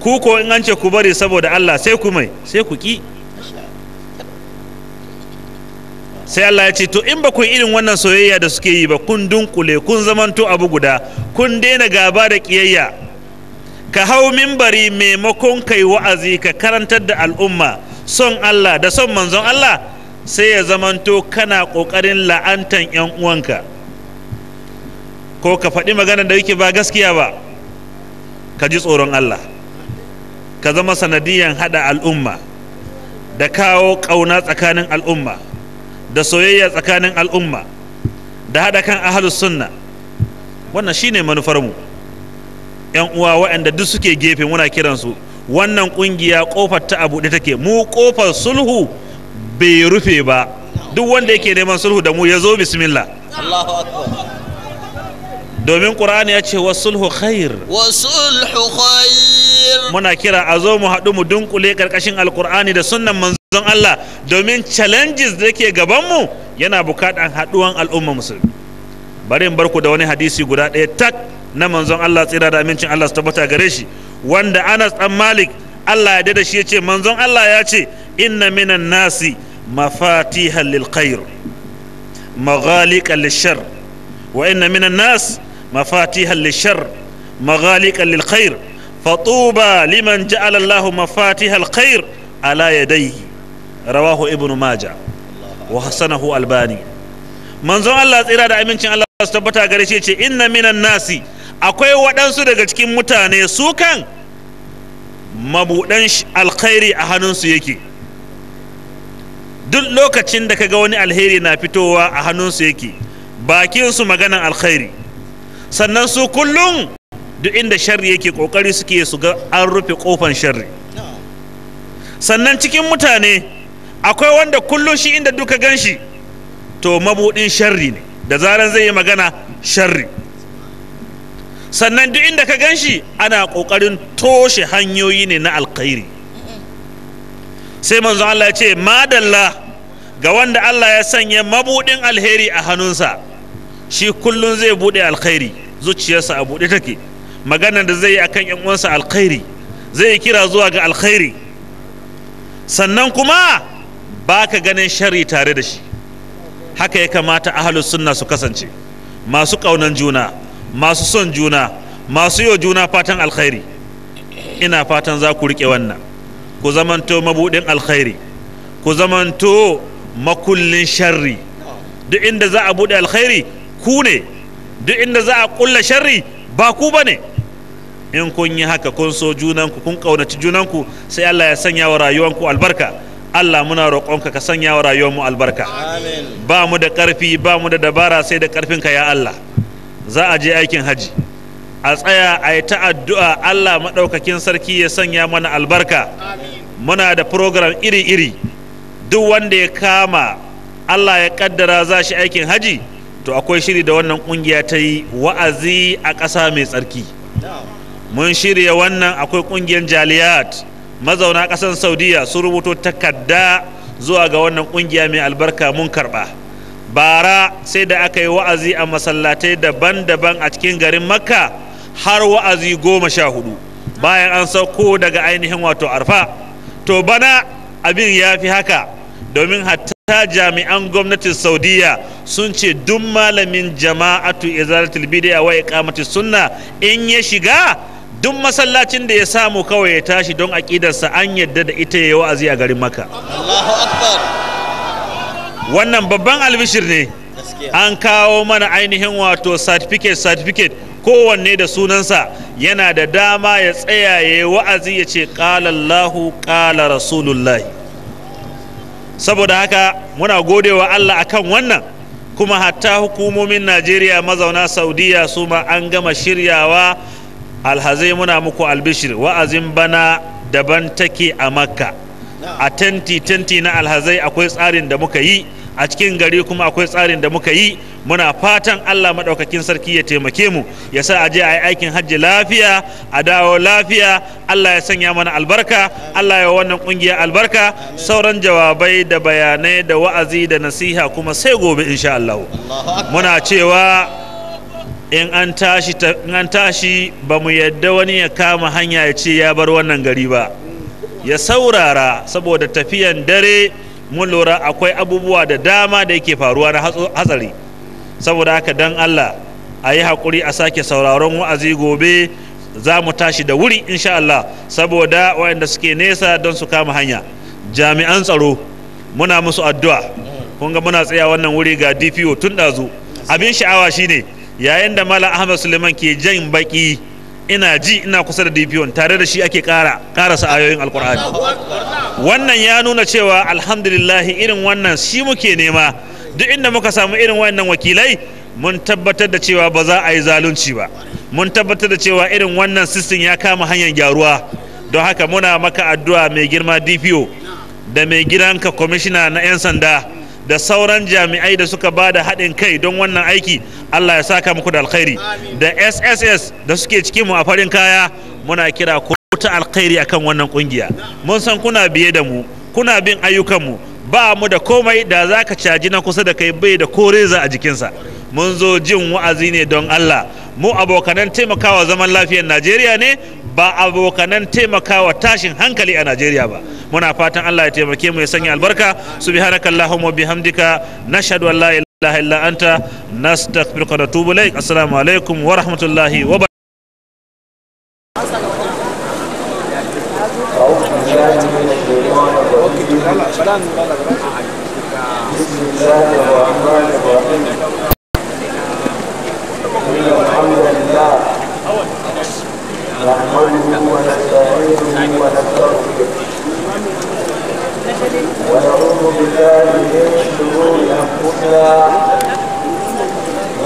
ku ko in an ce ku bari saboda Allah sai ku mai sai ku ki sai Allah ya ce to in ba ku irin wannan soyayya da suke yi ba kun dunkule kun zamanto abu guda kun daina gaba da kiyayya ka hau mimbari maimakon kai wa'azi ka karantar da al'umma son Allah da son manzon Allah sai ya zamanto kana ƙoƙarin la'antan 'yan uwanka ko ka faɗi magana da yake ba gaskiya ba ka ji tsoron Allah ka zama sanadiyan haɗa al'umma da kawo ƙauna tsakanin al'umma da soyayya tsakanin al'umma da haɗa kan ahalus sunna wannan shine manufarmu yan uwa waɗanda duk suke gefe muna kiransu wannan ƙungiya ƙofar ta abu da take mu ƙofar sulhu bai rufe ba duk wanda yake neman sulhu da mu ya zo bismillah domin ƙur'ani ya ce wa sulhu khair muna kira a zo mu haɗu mu dunkule ƙarƙashin alƙur'ani da sunnan manzon Allah domin challenges da ke gabanmu yana buƙatar haɗuwan al'umma musulmi bari in barku da wani hadisi guda ɗaya tak na manzon Allah tsira da amincin Allah su tabbata gare shi wanda Anas dan Malik Allah ya da shi ya ce manzon Allah ya ce inna minan nasi مفاتيح للخير مغالق للشر وإن من الناس مفاتيح للشر مغالق للخير فطوبى لمن جعل الله مفاتيح الخير على يديه رواه ابن ماجه وحسنه الباني manzon Allah tsira da amincin Allah su tabbata gare shi ce inna minan nasi akwai waɗansu daga cikin mutane sukan kan mabuɗan alkhairi a hannunsu yake duk lokacin da kaga wani alheri na fitowa a hannun hannunsu yake bakinsu maganan alkhairi sannan su kullum duk inda sharri yake kokari suke su ga an rufe kofan sharri sannan cikin mutane akwai wanda kullum shi inda duka gan shi to mabudin sharri ne da zaran zai yi magana sharri sannan duk inda ka gan shi ana kokarin toshe hanyoyi ne na alkhairi sai manzo Allah ya ce madalla ga wanda Allah ya sanya mabudin alheri a hannunsa shi kullum zai bude alkhairi zuciyarsa a bude take maganar da zai yi akan yan uwansa alkhairi zai yi kira zuwa ga alkhairi sannan kuma baka ganin sharri tare da shi haka ya kamata ahlus sunna su kasance masu kaunan juna masu son juna masu yau juna fatan alkhairi ina fatan za ku riƙe wannan ku zamanto mabudin alkhairi ku zamanto makullin sharri duk inda za a buɗe alkhairi ku ne duk inda za a kulla sharri ba ku ba ne in kun yi haka kun so junanku kun ƙaunaci junanku sai Allah ya sanya wa rayuwanku albarka Allah muna roƙonka ka sanya wa mu albarka ba mu da ƙarfi ba mu da dabara sai da ƙarfinka ya Allah za a je aikin haji a tsaya a yi ta Allah maɗaukakin sarki ya sanya mana albarka muna da program iri-iri duk wanda ya kama Allah ya ƙaddara za shi aikin haji to akwai shiri da wannan kungiya ta yi wa'azi a ƙasa mai tsarki mun shirya wannan akwai ƙungiyar jaliyat mazauna ƙasar saudiya sun rubuto takarda zuwa ga wannan ƙungiya mai albarka mun karɓa bara sai da aka yi wa'azi a masallatai daban-daban a cikin garin makka har wa'azi goma sha hudu bayan an sauko daga ainihin wato arfa to bana abin ya fi haka domin hatta jami'an gwamnatin saudiya sun ce duk malamin jama'atu izalatul a wa iqamati sunna in ya shiga duk masallacin da ya samu kawai ya tashi don aƙidarsa an yadda da ita yayi wa'azi a garin maka wannan babban albishir ne an kawo mana ainihin wato certificate certificate kowanne da sunansa yana da dama ya tsaya ya wa'azi ya ce ƙalallahu ƙala rasulullahi saboda haka muna godewa Allah akan wannan kuma hatta hukumomin Najeriya mazauna Saudiya su ma an gama shiryawa alhazai muna muku albishir wa'azin bana daban take a makka a tenti tenti na alhazai akwai tsarin da muka yi a cikin gari kuma akwai tsarin da muka yi muna fatan Allah maɗaukakin sarki ya taimake mu ya sa a je a yi aikin hajji lafiya a dawo lafiya Allah ya sanya mana albarka Allah ya wannan ƙungiya albarka sauran jawabai da bayanai da wa'azi da nasiha kuma sai gobe insha Allah muna cewa in an tashi in an tashi ba mu yadda wani ya kama hanya ya ce ya bar wannan gari ba ya saurara saboda tafiyan dare mun lura akwai abubuwa da dama da yake faruwa na hatsari saboda haka dan Allah a yi haƙuri a sake sauraron wa'azi gobe za mu tashi da wuri insha Allah saboda waɗanda suke nesa don su kama hanya jami'an tsaro muna musu addu'a kun ga muna tsaya wannan wuri ga DPO tun ɗazu abin sha'awa shine yayin da Malam Ahmad Suleiman ke jan baki ina ji ina kusa da dibiyon tare da shi ake kara ƙarasa ayoyin alkur'ani wannan ya nuna cewa alhamdulillah irin wannan shi muke nema duk inda muka samu irin wannan wakilai mun tabbatar da cewa ba za a yi zalunci ba mun tabbatar da cewa irin wannan sistin ya kama hanyar gyaruwa don haka muna maka addu'a mai girma dpo da mai gidanka kwamishina na 'yan sanda da sauran jami'ai da suka ba da haɗin kai don wannan aiki allah ya saka muku da alkhairi da sss da suke cikin mu a farin kaya muna kira ko ta alkhairi akan wannan kungiya mun san kuna biye da mu kuna bin ayyukanmu ba mu da komai da za ka caji na kusa da kai bai da koreza a jikinsa mun zo jin wa'azi ne don allah mu abokanan taimakawa zaman lafiyar najeriya ne ba abokanan taimakawa tashin hankali a Najeriya ba muna fatan Allah ya taimake mu ya sanya albarka subhanakallahumma bihamdika nashhadu an la ilaha illa anta nastaghfiruka wa natubu ilaik assalamu alaikum wa rahmatullahi wa barakatuh ونستعينه ونستعينه ونستغفره ونعوذ بالله من شرور انفسنا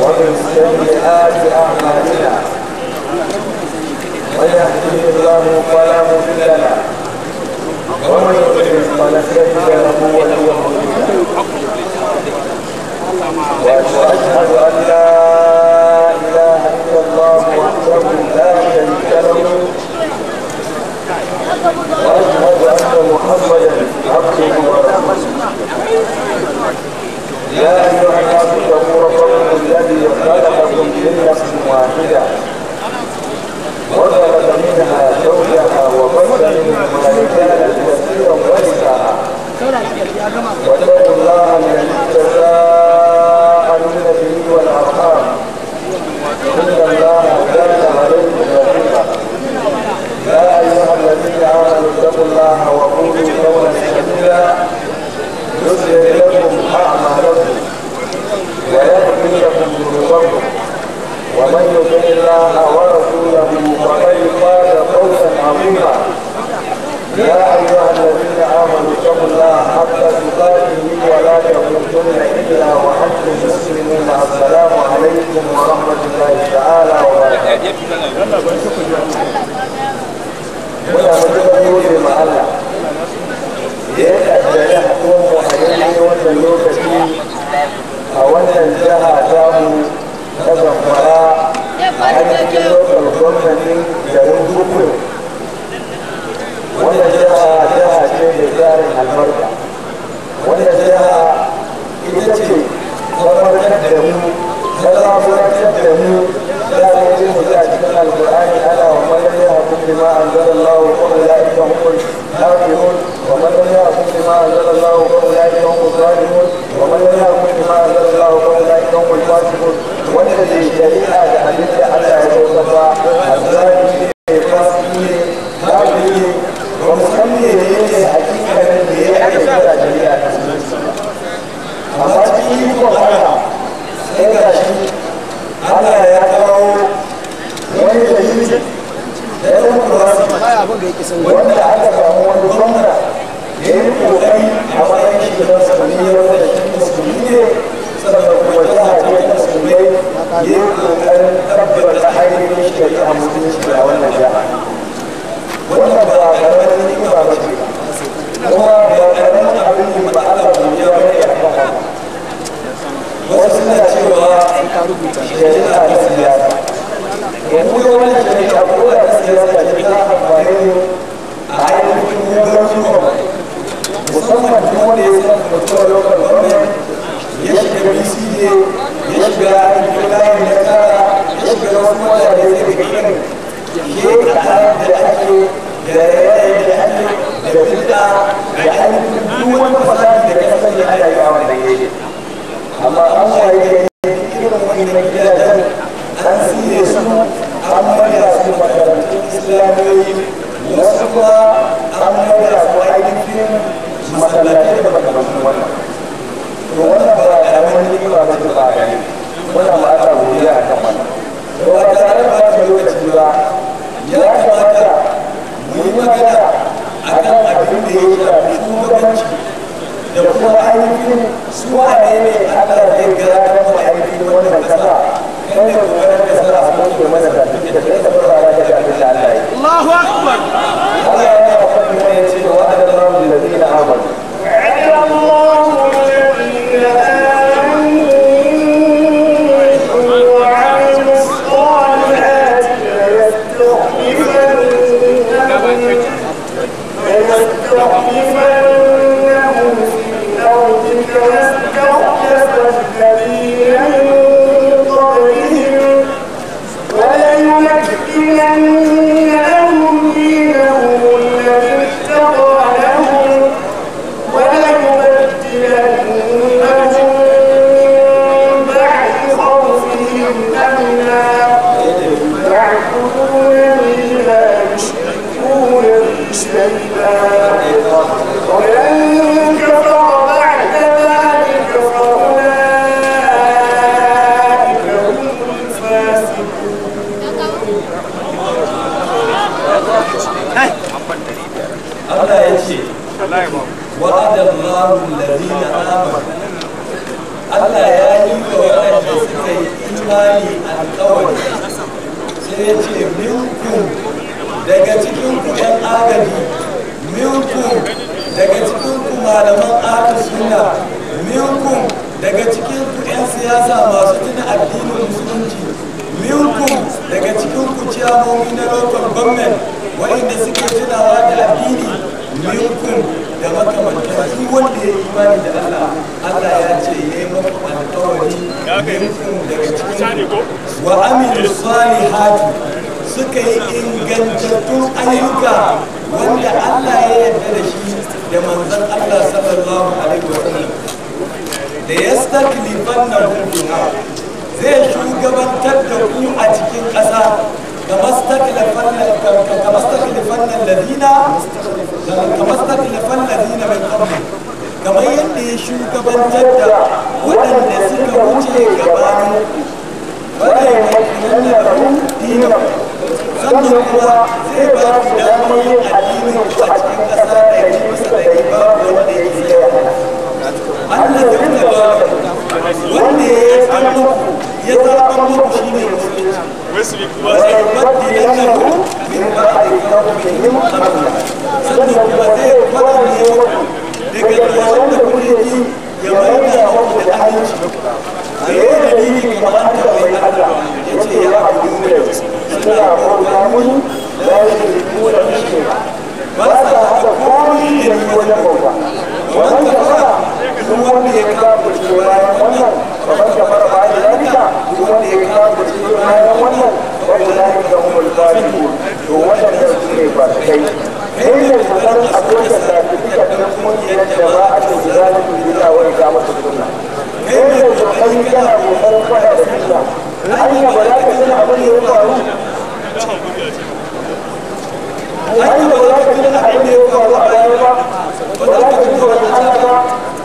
ومن سيئات اعمالنا من يهده الله فلا مضل له ومن يضلل فلا هادي له وليا مرشدا واشهد ان لا وأشهد أن محمدا عبده ورسوله يا أيها الناس اتقوا الذي خلقكم من واحدة وخلق منها زوجها وبث منهما رجالا abin da ya yi da shugabanci da kuma ainihin suwa ne ne aka zai gara da kuma ainihin wannan kasa kan da kokarin da suna samun da mana da duk da kai da fara da abin da Allah ya Allahu akbar Allah ya faɗi mai cewa wa adallahu lillazina amanu wa'ada Allahu alladhina amanu Allah ya yi ga waɗanda suka yi imani alƙawari sai ya ce minkum daga cikin ku ɗan agaji minkum daga cikin ku malaman ahlus sunna minkum daga cikin ku 'yan siyasa masu tuna addinin musulunci minkum daga cikin ku na local waɗanda suke tunawa da addini minkum da makamantar duk wanda ya yi imani da Allah Allah ya ce ya yi maka alkawari yankin daga cikin wa aminu salihati suka yi ingantattun ayyuka wanda Allah ya yarda da shi da manzon Allah sallallahu alaihi wa sallam da ya yastaklifanna hukun zai shugabantar da ku a cikin ƙasa kamar staklifanna ladina واستخلف الذين من قبلهم kamar yadda ya shugabantar da waɗanda suka wuce gabanin wadai mai kinan da rahu dina sannan kuma zai ba ku damar yin addinin ku a cikin ƙasa da yi masa da yi ba wanda ya zai Allah da kuma ba wanda ya yi an muku ya zaɓan muku shi ne musulunci ويبدلنه من بعد قومهم yi sannan kuma zai kwaɗanne daga ƙarshen da ya mai da da aminci da nini kamar da fasiku to waɗannan su ne fasikai mun ne kokarin a da su duka cikin kungiyar da ba a cikin zalimin wani ga masa sunna mun ne kokarin kana kokarin faɗa da sunna hanya ba za ka san abin da ya faru hanya ba za ka san abin da ya faru a baya ba ba za ka ji tsoron Allah ba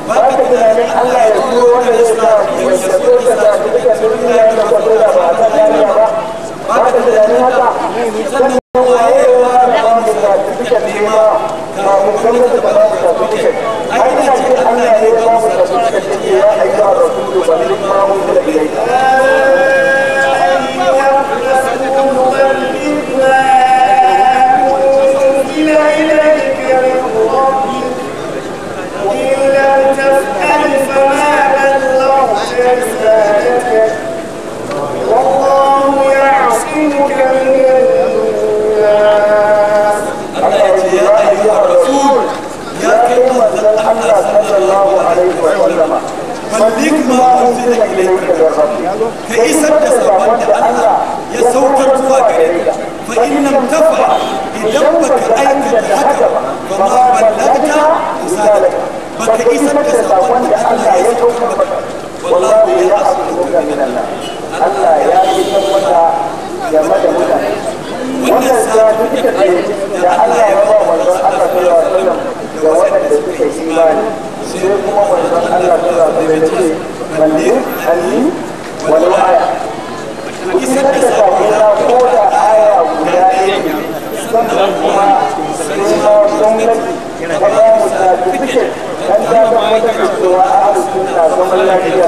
ba ka tunanin Allah ya turo wanda zai sa ya tsoka da duka da ba a kan ba ba da haka sannan waye ya ba بلغ ما أرسل إليك كإسر تسابن الله يسوك الزواجرين فإن لم تفعل بدبك أيك حكم فما بلغت رسالتك بكئسر تسابن الله يسوك والله يحصلك من الله الله يحصلك يا مدى wannan sabon da Allah ya ba wa من sallallahu يا wasallam ga waɗanda suke imani sai kuma manzon Allah ta zaɓi ya ce balli anni walau aya kusan da sako na ko da aya guda ɗaya sannan kuma sai ma gwamnati ta ba mu ta kan dan ta zama da cewa a halittun na zaman lafiya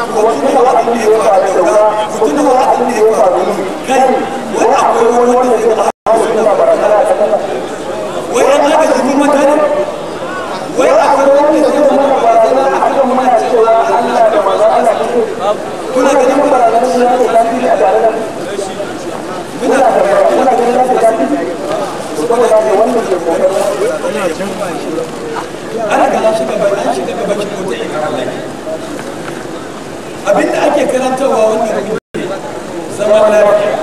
wasu da abin da ya faru da wura wasu da abin ya faru ne kai wani akwai wani wanda zai ba hawa da ba wai an haka shi kuma ta wai akwai wanda zai zama da barazana a kan muna cewa Allah da maza Allah ta kuna ganin mu barazana suna da a tare da Kuna muna da kuna ganin za ta Ko saboda ga wanda ke kokarin ana gana shi gaba an shiga abinda ake karantarwa wannan kuma zaman lafiya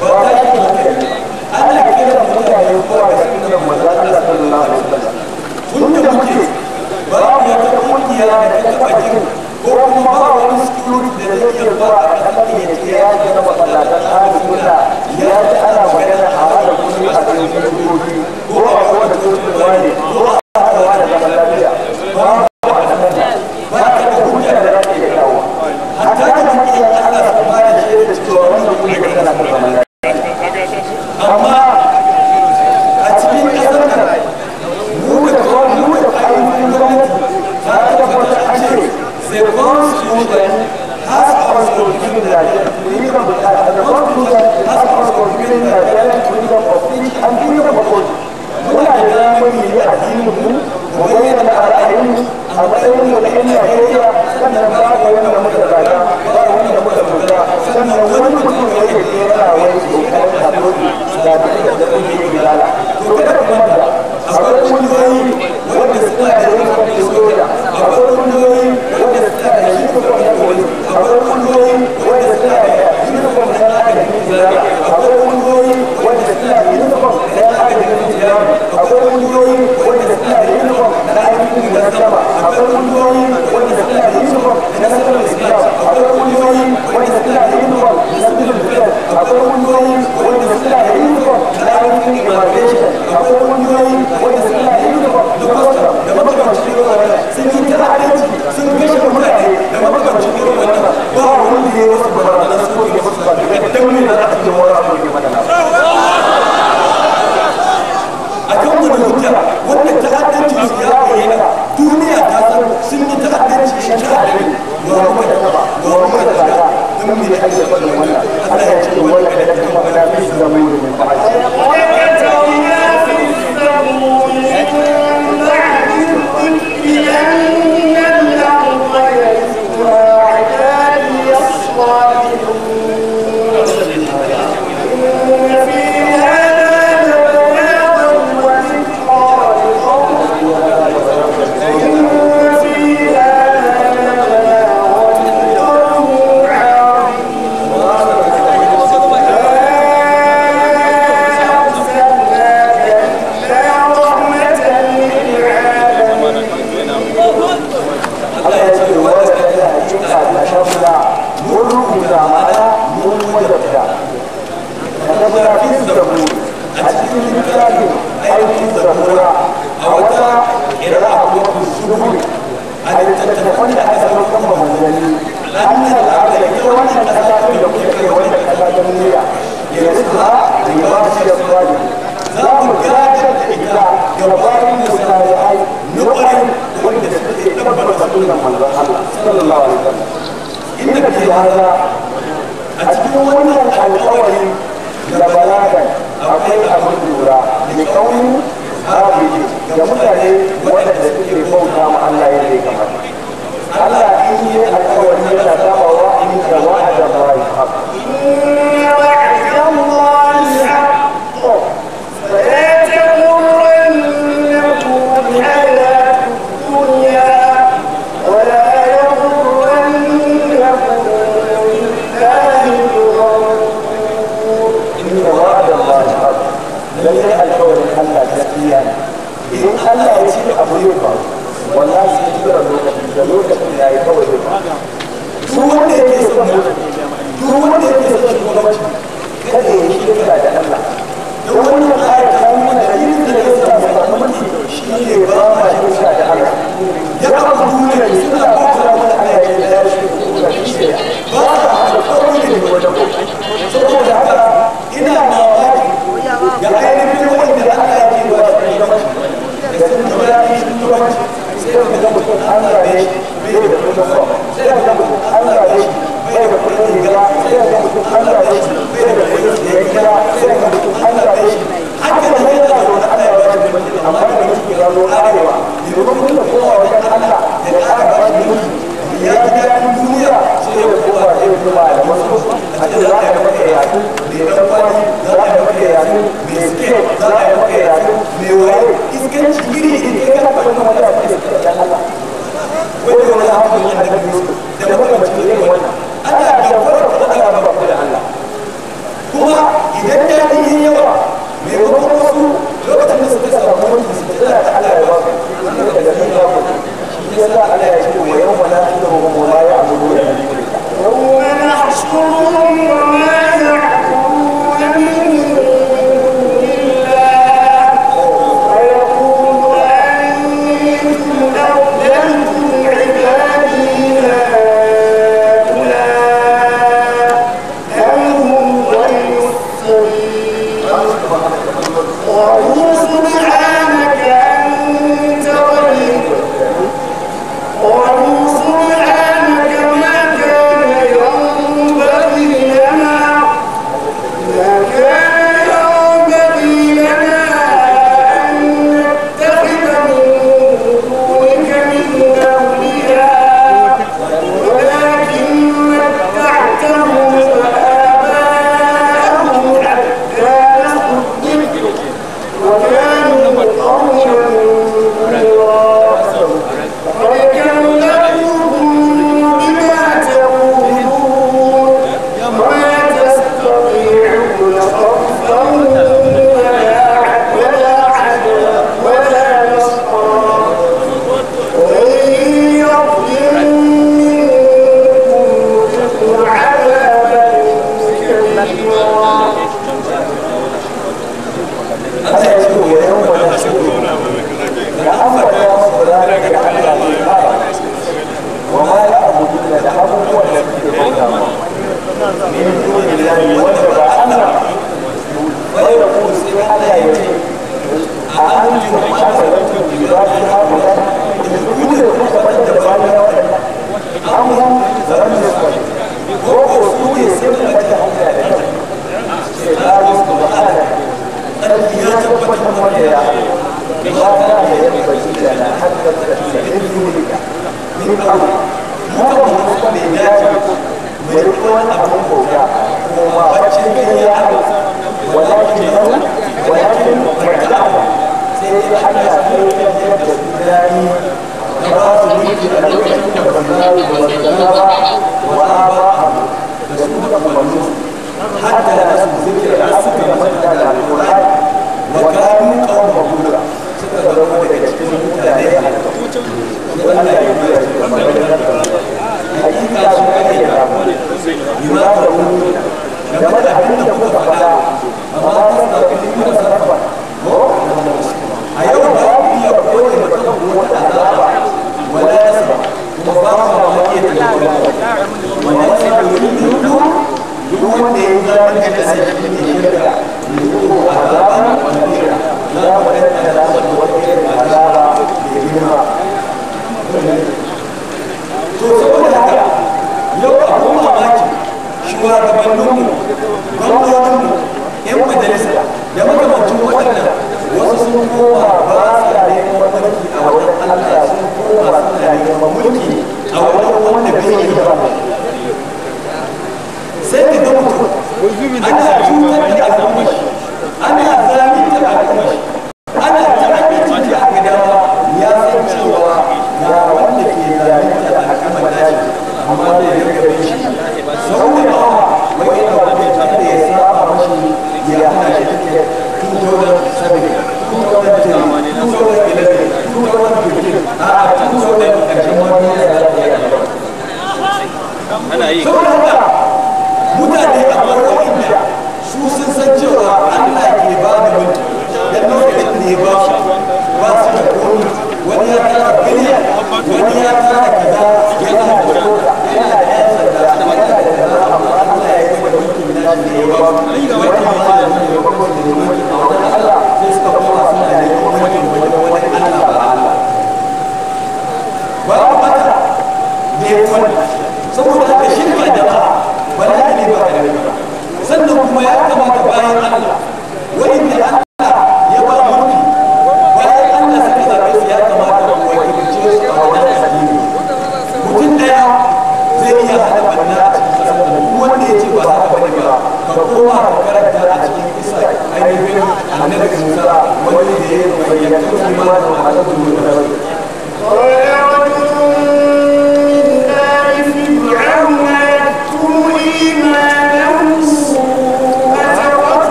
ba ta yi hankali ana kiran mutane ko ga sunan manzon Allah sallallahu alaihi wasallam tun da muke ba ya ta kungiya da ta taba jin ko kuma ba wani security da zai iya ba a kasar da ya ce ya ji na masallatan ahlus sunna ya ji ana magana a hada kuma a cikin ko a wata wani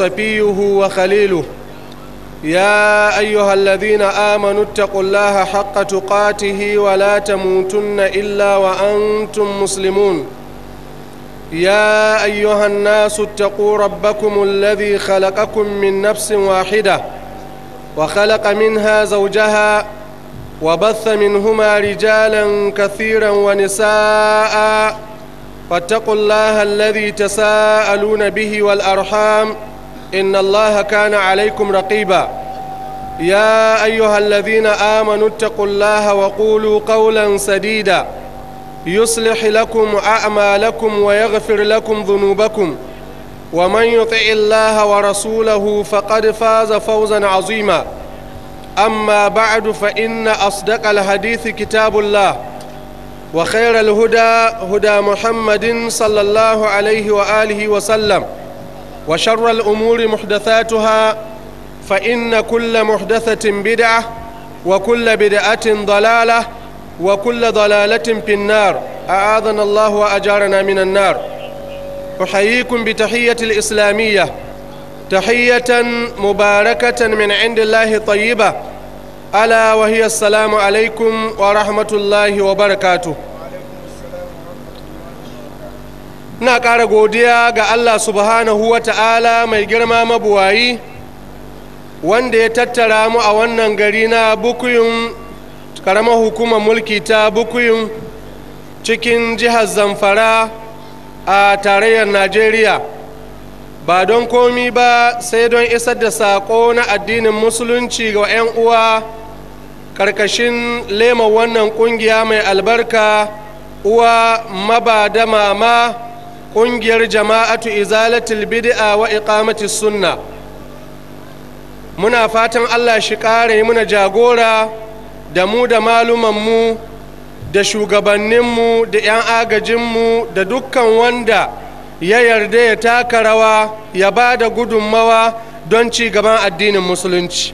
وصفيه وخليله يا ايها الذين امنوا اتقوا الله حق تقاته ولا تموتن الا وانتم مسلمون يا ايها الناس اتقوا ربكم الذي خلقكم من نفس واحده وخلق منها زوجها وبث منهما رجالا كثيرا ونساء فاتقوا الله الذي تساءلون به والارحام إن الله كان عليكم رقيبا يا أيها الذين آمنوا اتقوا الله وقولوا قولا سديدا يصلح لكم أعمالكم ويغفر لكم ذنوبكم ومن يطع الله ورسوله فقد فاز فوزا عظيما أما بعد فإن أصدق الحديث كتاب الله وخير الهدى هدى محمد صلى الله عليه وآله وسلم وشر الأمور محدثاتها فإن كل محدثة بدعة وكل بدعة ضلالة وكل ضلالة في النار أعاذنا الله وأجارنا من النار أحييكم بتحية الإسلامية تحية مباركة من عند الله طيبة ألا وهي السلام عليكم ورحمة الله وبركاته na ƙara godiya ga allah subhanahu wa ta'ala mai girma mabuwayi wanda ya tattara mu a wannan gari na bukuyun karamar hukumar mulki ta bukuyun cikin jihar zamfara a tarayyar najeriya ba don komi ba sai don isar da saƙo na addinin musulunci ga 'yan uwa ƙarƙashin lema wannan ƙungiya mai albarka uwa mabada mama ƙungiyar jama'atu izalatul bid'a wa iqamati sunna muna fatan allah shi ƙara muna jagora da mu da maluman mu da shugabanninmu da 'yan agajin mu da dukkan wanda ya yarda ya taka rawa ya ba da gudunmawa don ci gaban addinin musulunci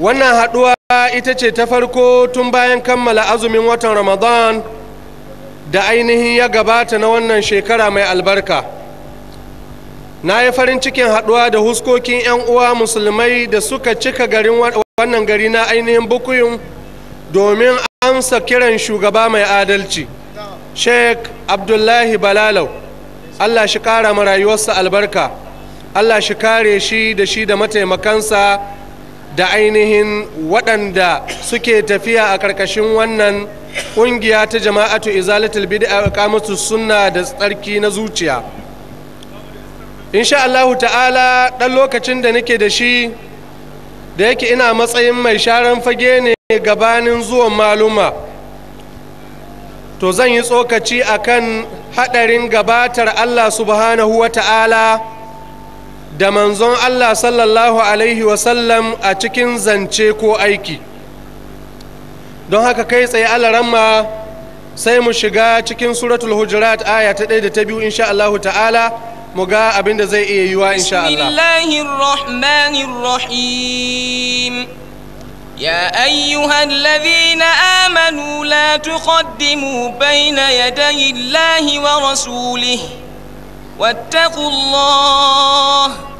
wannan haɗuwa ita ce ta farko tun bayan kammala azumin watan ramadan da ainihin ya gabata na wannan shekara mai albarka na yi farin cikin haɗuwa da huskokin 'yan uwa musulmai da suka cika garin wannan gari na ainihin bukuyun domin amsa kiran shugaba mai adalci sheik abdullahi balalau allah shi ƙara ma rayuwarsa albarka allah shi kare shi da shi da mataimakansa da ainihin waɗanda suke tafiya a ƙarƙashin wannan ƙungiya ta jama'atu izalatul bid'a kamatu sunna da tsarki na zuciya insha Allahu ta'ala ɗan lokacin da nake da shi da yake ina matsayin mai sharan fage ne gabanin zuwan maluma to zan yi tsokaci akan haɗarin gabatar Allah subhanahu wa ta'ala da manzon Allah sallallahu alaihi wasallam a cikin zance ko aiki don haka kai tsaye alaramma sai mu shiga cikin suratul hujurat aya ta ɗaya da ta biyu insha Allah ta'ala mu ga abin da zai iya yiwa insha Allah Bismillahirrahmanirrahim يا أيها الذين آمنوا لا تقدموا بين يدي الله ورسوله واتقوا الله